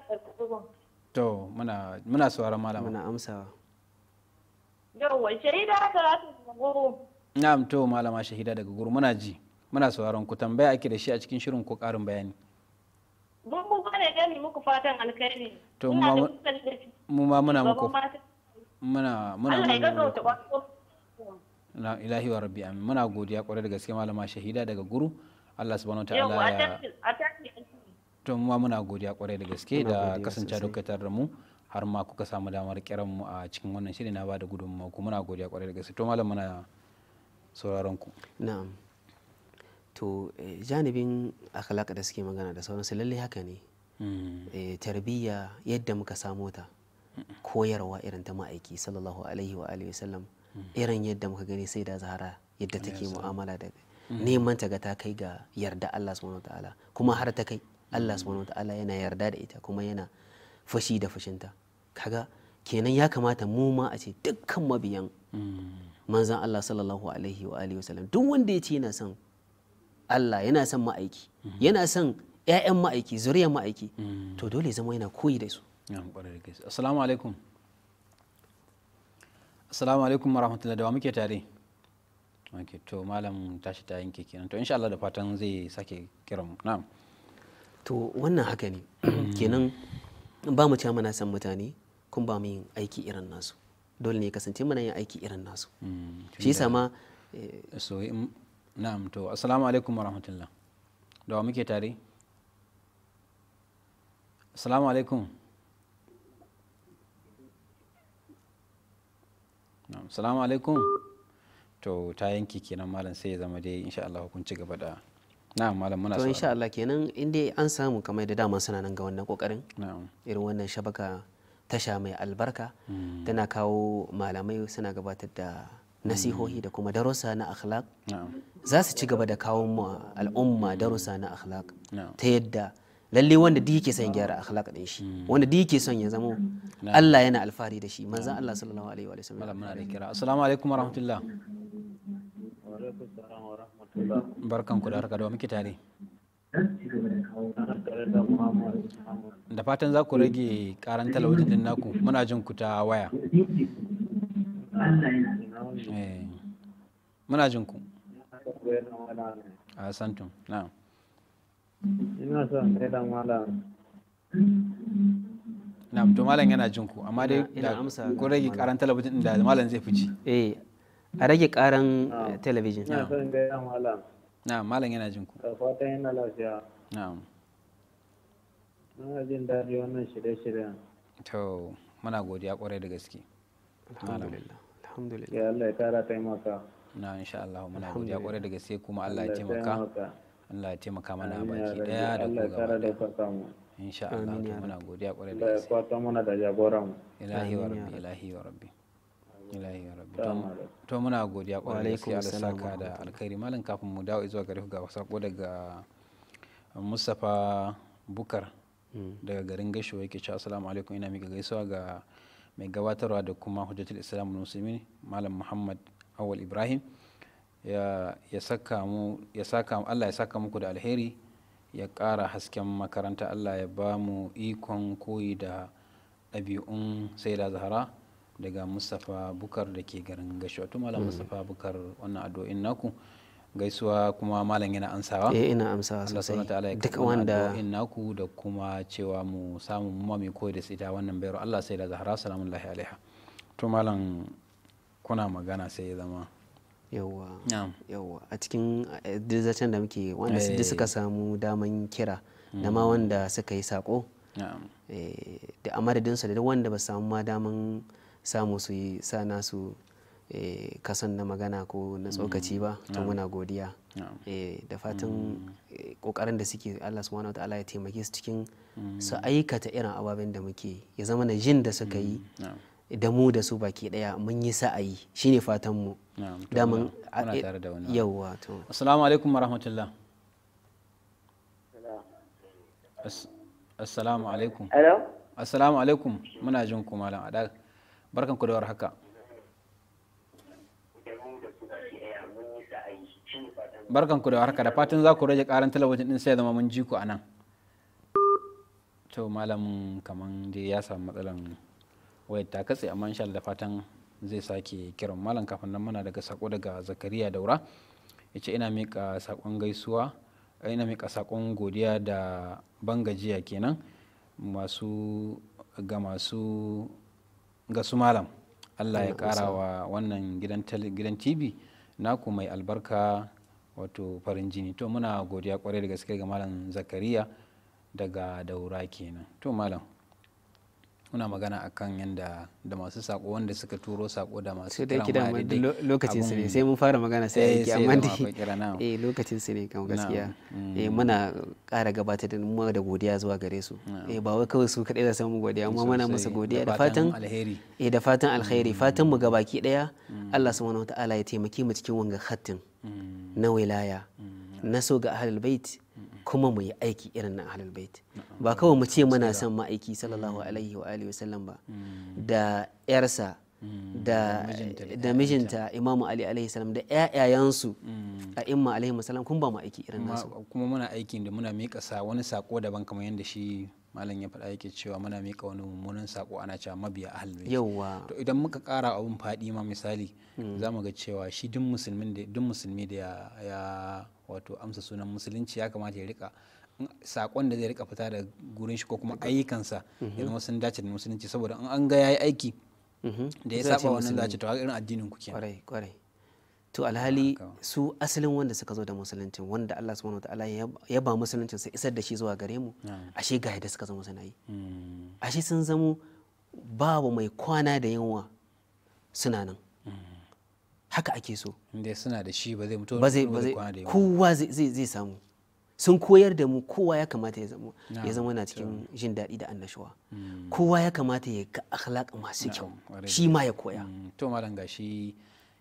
To muna muna sauraron malam. Muna Yawwa shahida ta ta Na'am to malama shahida daga guru muna ji. Muna sauraron ku tambaya ake da shi a cikin shirin ko karin bayani. Mun mu ne gani muku fatan alkhairi. To mu ma muna muku. Muna muna muna. muna muna mu na ilahi wa rabbi amin muna godiya kwarai da gaske malama shahida daga guru Allah subhanahu ta'ala ya to mu muna godiya kwarai da gaske da kasance dokatar da mu har ma kuka samu damar kiran mu a cikin wannan shirin na bada gudun ku muna godiya kwarai da gaske to malam muna sauraron ku na'am to eh, janibin akhlaq da suke magana da sauransu lalle haka ne hmm. eh, tarbiyya yadda muka samo ta hmm. koyarwa irin ta ma'aiki sallallahu alaihi wa alihi wasallam irin yadda muka gani sai da zahara yadda take mu'amala da mm. neman ta ga ta kai ga yarda Allah subhanahu wataala kuma har ta kai Allah mm. subhanahu wataala yana yarda da ita kuma yana fashi da fashinta kaga kenan ya kamata mu ma a ce dukkan mabiyan mm. manzan Allah sallallahu alaihi wa alihi wasallam duk wanda ya ce yana son Allah yana son ma'aiki yana son ƴaƴan ma'aiki zuriyar ma'aiki to dole zama yana koyi da su assalamu alaikum assalamu alaikum warahmatullahi da wa muke tare ok to malam tashi ta yanke kenan to insha Allah da fatan zai sake kiran na'am to wannan haka ne [clears throat] kenan ba mu cewa muna san mutane kun ba mu yin aiki irin nasu dole ne kasance muna yin aiki irin nasu mm, shi yasa ma eh, so na'am to assalamu alaikum warahmatullahi da wa muke tare assalamu alaikum salamu alaikum to ta yanki kenan malam sai ya zama dai insha Allah kun gaba da na'am malam muna to insha Allah kenan inda an samu kamar da dama suna nan ga wannan kokarin irin wannan shabaka tasha mai albarka hmm. tana kawo malamai suna gabatar da nasihohi hmm. da kuma darussa na akhlaq za su ci gaba da kawo al'umma darussa na akhlaq ta yadda lalle wanda duk yake son gyara akhlaq din shi hmm. wanda duk yake son ya zama Allah yana alfahari da shi manzon Allah sallallahu alaihi wa sallam muna da kira assalamu alaikum wa barkan ku da harka da muke tare da fatan za ku rage karan talabijin din naku muna jin ku ta waya eh. muna jin ku a santum na'am ina son sai da malam na to malam yana jinku, amma dai da ku rage karan talabijin da malam zai fici eh a rage karan talabijin ina son ga malam na malam yana jinku. ku da fatan yana lafiya na'am na jin daɗi wannan shirye-shiryen to muna godiya kwarai da gaske alhamdulillah alhamdulillah ya Allah ya kara taimaka na insha Allah muna godiya kwarai da gaske kuma Allah ya taimaka Allah ya taimaka mana baki daya da ku gaba insha Allah to muna godiya kwarai da gaske Allah mana da jagoran mu ilahi wa rabbi ilahi wa rabbi ilahi wa rabbi to muna godiya kwarai da gaske Allah saka da alkhairi malam kafin mu dawo zuwa garin ga sako daga Mustapha Bukar mm. daga garin Gashuwa yake cewa assalamu alaikum ina mika gaisuwa ga mai gabatarwa da kuma hujjatul islam musulmi malam Muhammad Awal Ibrahim ya saka mu Allah ya saka muku da alheri ya ƙara hasken makaranta Allah ya ba mu ikon koyi da ɗabi'un saida zahara daga mustapha bukar da ke garin gashi wato malam hmm. mustapha bukar wannan addu'o'in naku gaisuwa kuma malam yana amsawa eh ina amsawa sosai duka wanda addu'o'in naku da kuma cewa mu samu mu mai koyi da ita wannan bayar Allah saida zahara salamun alaiha to malam kuna magana sai ya zama yawwa yawwa a cikin eh, dirzacen da muke wanda su eh. suka samu daman kira da ma mm. wanda suka yi sako eh, da a su da wanda ba samu ma daman samu su yi sa nasu kasan na magana ko na tsokaci mm. ba to muna godiya da fatan kokarin mm. da suke Allah subhanahu wataala ya taimaki su cikin su aikata irin ababen da muke ya zama na jin da suka yi da mu da su baki daya mun yi sa'ayi shine fatan mu da mun eh, tare da wani yawa to assalamu alaikum warahmatullah assalamu alaikum hello assalamu alaikum muna jin ku malam adal barkan ku da warhaka barkan ku da warhaka da fatan za ku rage karan talabijin din sai zama mun ji ku anan to malamin kaman dai ya samu matsalan wayar ta katse amma insha da fatan zai sake kiran malam kafin nan muna daga sako daga zakariya daura yace ina mika sakon gaisuwa eh, ina mika sakon godiya da bangajiya kenan masu ga masu ga su malam Allah ya kara wa wannan gidan TV naku mai albarka wato farin jini to muna godiya kwarai da gaske ga malam zakariya daga daura kenan to malam muna magana akan yadda da masu sako wanda suka turo sako da masu kira ma da lokacin su ne sai mun fara magana sai yake eh, amma dai eh lokacin su ne kan gaskiya mm. eh muna ƙara gabata da mu da godiya zuwa gare su eh ba wai kawai su kadai za su mu godiya amma muna musu godiya da fatan alheri eh da fatan alheri mm. fatan mu gabaki daya mm. Allah subhanahu wataala ya taimake mu cikin wanga khattin na wilaya na so ga ahlul bait kuma mu yi aiki irin na ahlul bait ba kawai mu ce muna son ma'aiki sallallahu mm. alaihi wa alihi wasallam ba mm. da yarsa mm. da mijinta imamu ali alaihi salam da ƴaƴayansu a imma alaihi salam kun ba mu aiki irin nasu kuma muna aiki da muna miƙa sa wani sako daban kamar yadda shi malam ya faɗa yake cewa muna miƙa wani mummunan sako ana cewa mabiya ahlul bait yawa to idan muka ƙara abun faɗi ma misali zamu ga cewa shi duk musulmin da duk musulmi da ya wato amsa sunan musulunci ya kamata ya rika sakon da zai rika fita da gurin shi ko kuma ayyukansa ya zama sun dace da musulunci saboda in an ga yayi aiki da ya saba wannan dace to irin addinin ku kenan kwarai kwarai to alhali su asalin wanda suka zo da musulunci wanda Allah subhanahu wataala ya ba musulunci sai isar da shi zuwa gare mu ashe ga yadda suka zama suna yi hmm. ashe sun zamo babu mai kwana da yunwa suna nan haka ake so inda suna da shi ba zai mutu ba zai kowa zai samu sun koyar da mu kowa ya kamata ya zama ya zama na cikin jin daɗi da annashuwa hmm. kowa ya kamata ya ga akhlaq masu kyau shi ma ya koya hmm. to malam gashi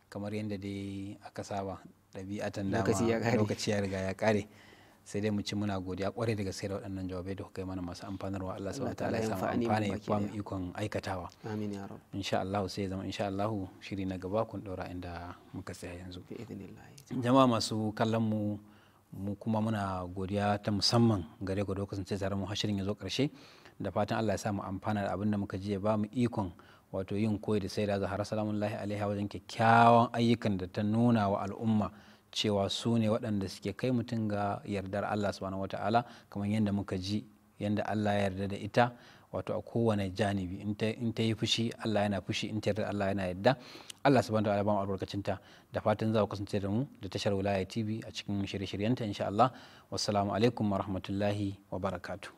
kamar yadda dai aka saba ɗabi'atan dama lokaci ya riga ya kare sai dai mu ci muna godiya kwarai da gaske da waɗannan jawabai da kuka yi mana masu amfanarwa Allah ta ya samu amfani ya mu ikon aikatawa amin ya rabu insha Allah sai zama insha Allah shiri na gaba kun daura inda muka tsaya yanzu jama'a masu kallon mu mu kuma muna godiya ta musamman gare ku da kasance tare mu hashirin ya zo karshe da fatan Allah ya samu amfana da abin da muka ji ya ba mu ikon wato yin koyi da sai da zahara salamun lahi alaiha wajen kyakkyawan ayyukan da ta nuna wa al'umma cewa su ne waɗanda suke kai mutum ga yardar Allah subhanahu wata'ala kamar yadda muka ji yadda Allah ya yarda da ita wato a kowane janibi in ta yi fushi Allah yana fushi in ta yarda Allah yana yarda Allah subhanahu wata'ala ba mu albarkacin ta da fatan za ku kasance da mu da tashar wulaya TV a cikin shirye-shiryenta insha Allah wassalamu alaikum wa rahmatullahi wa barakatu.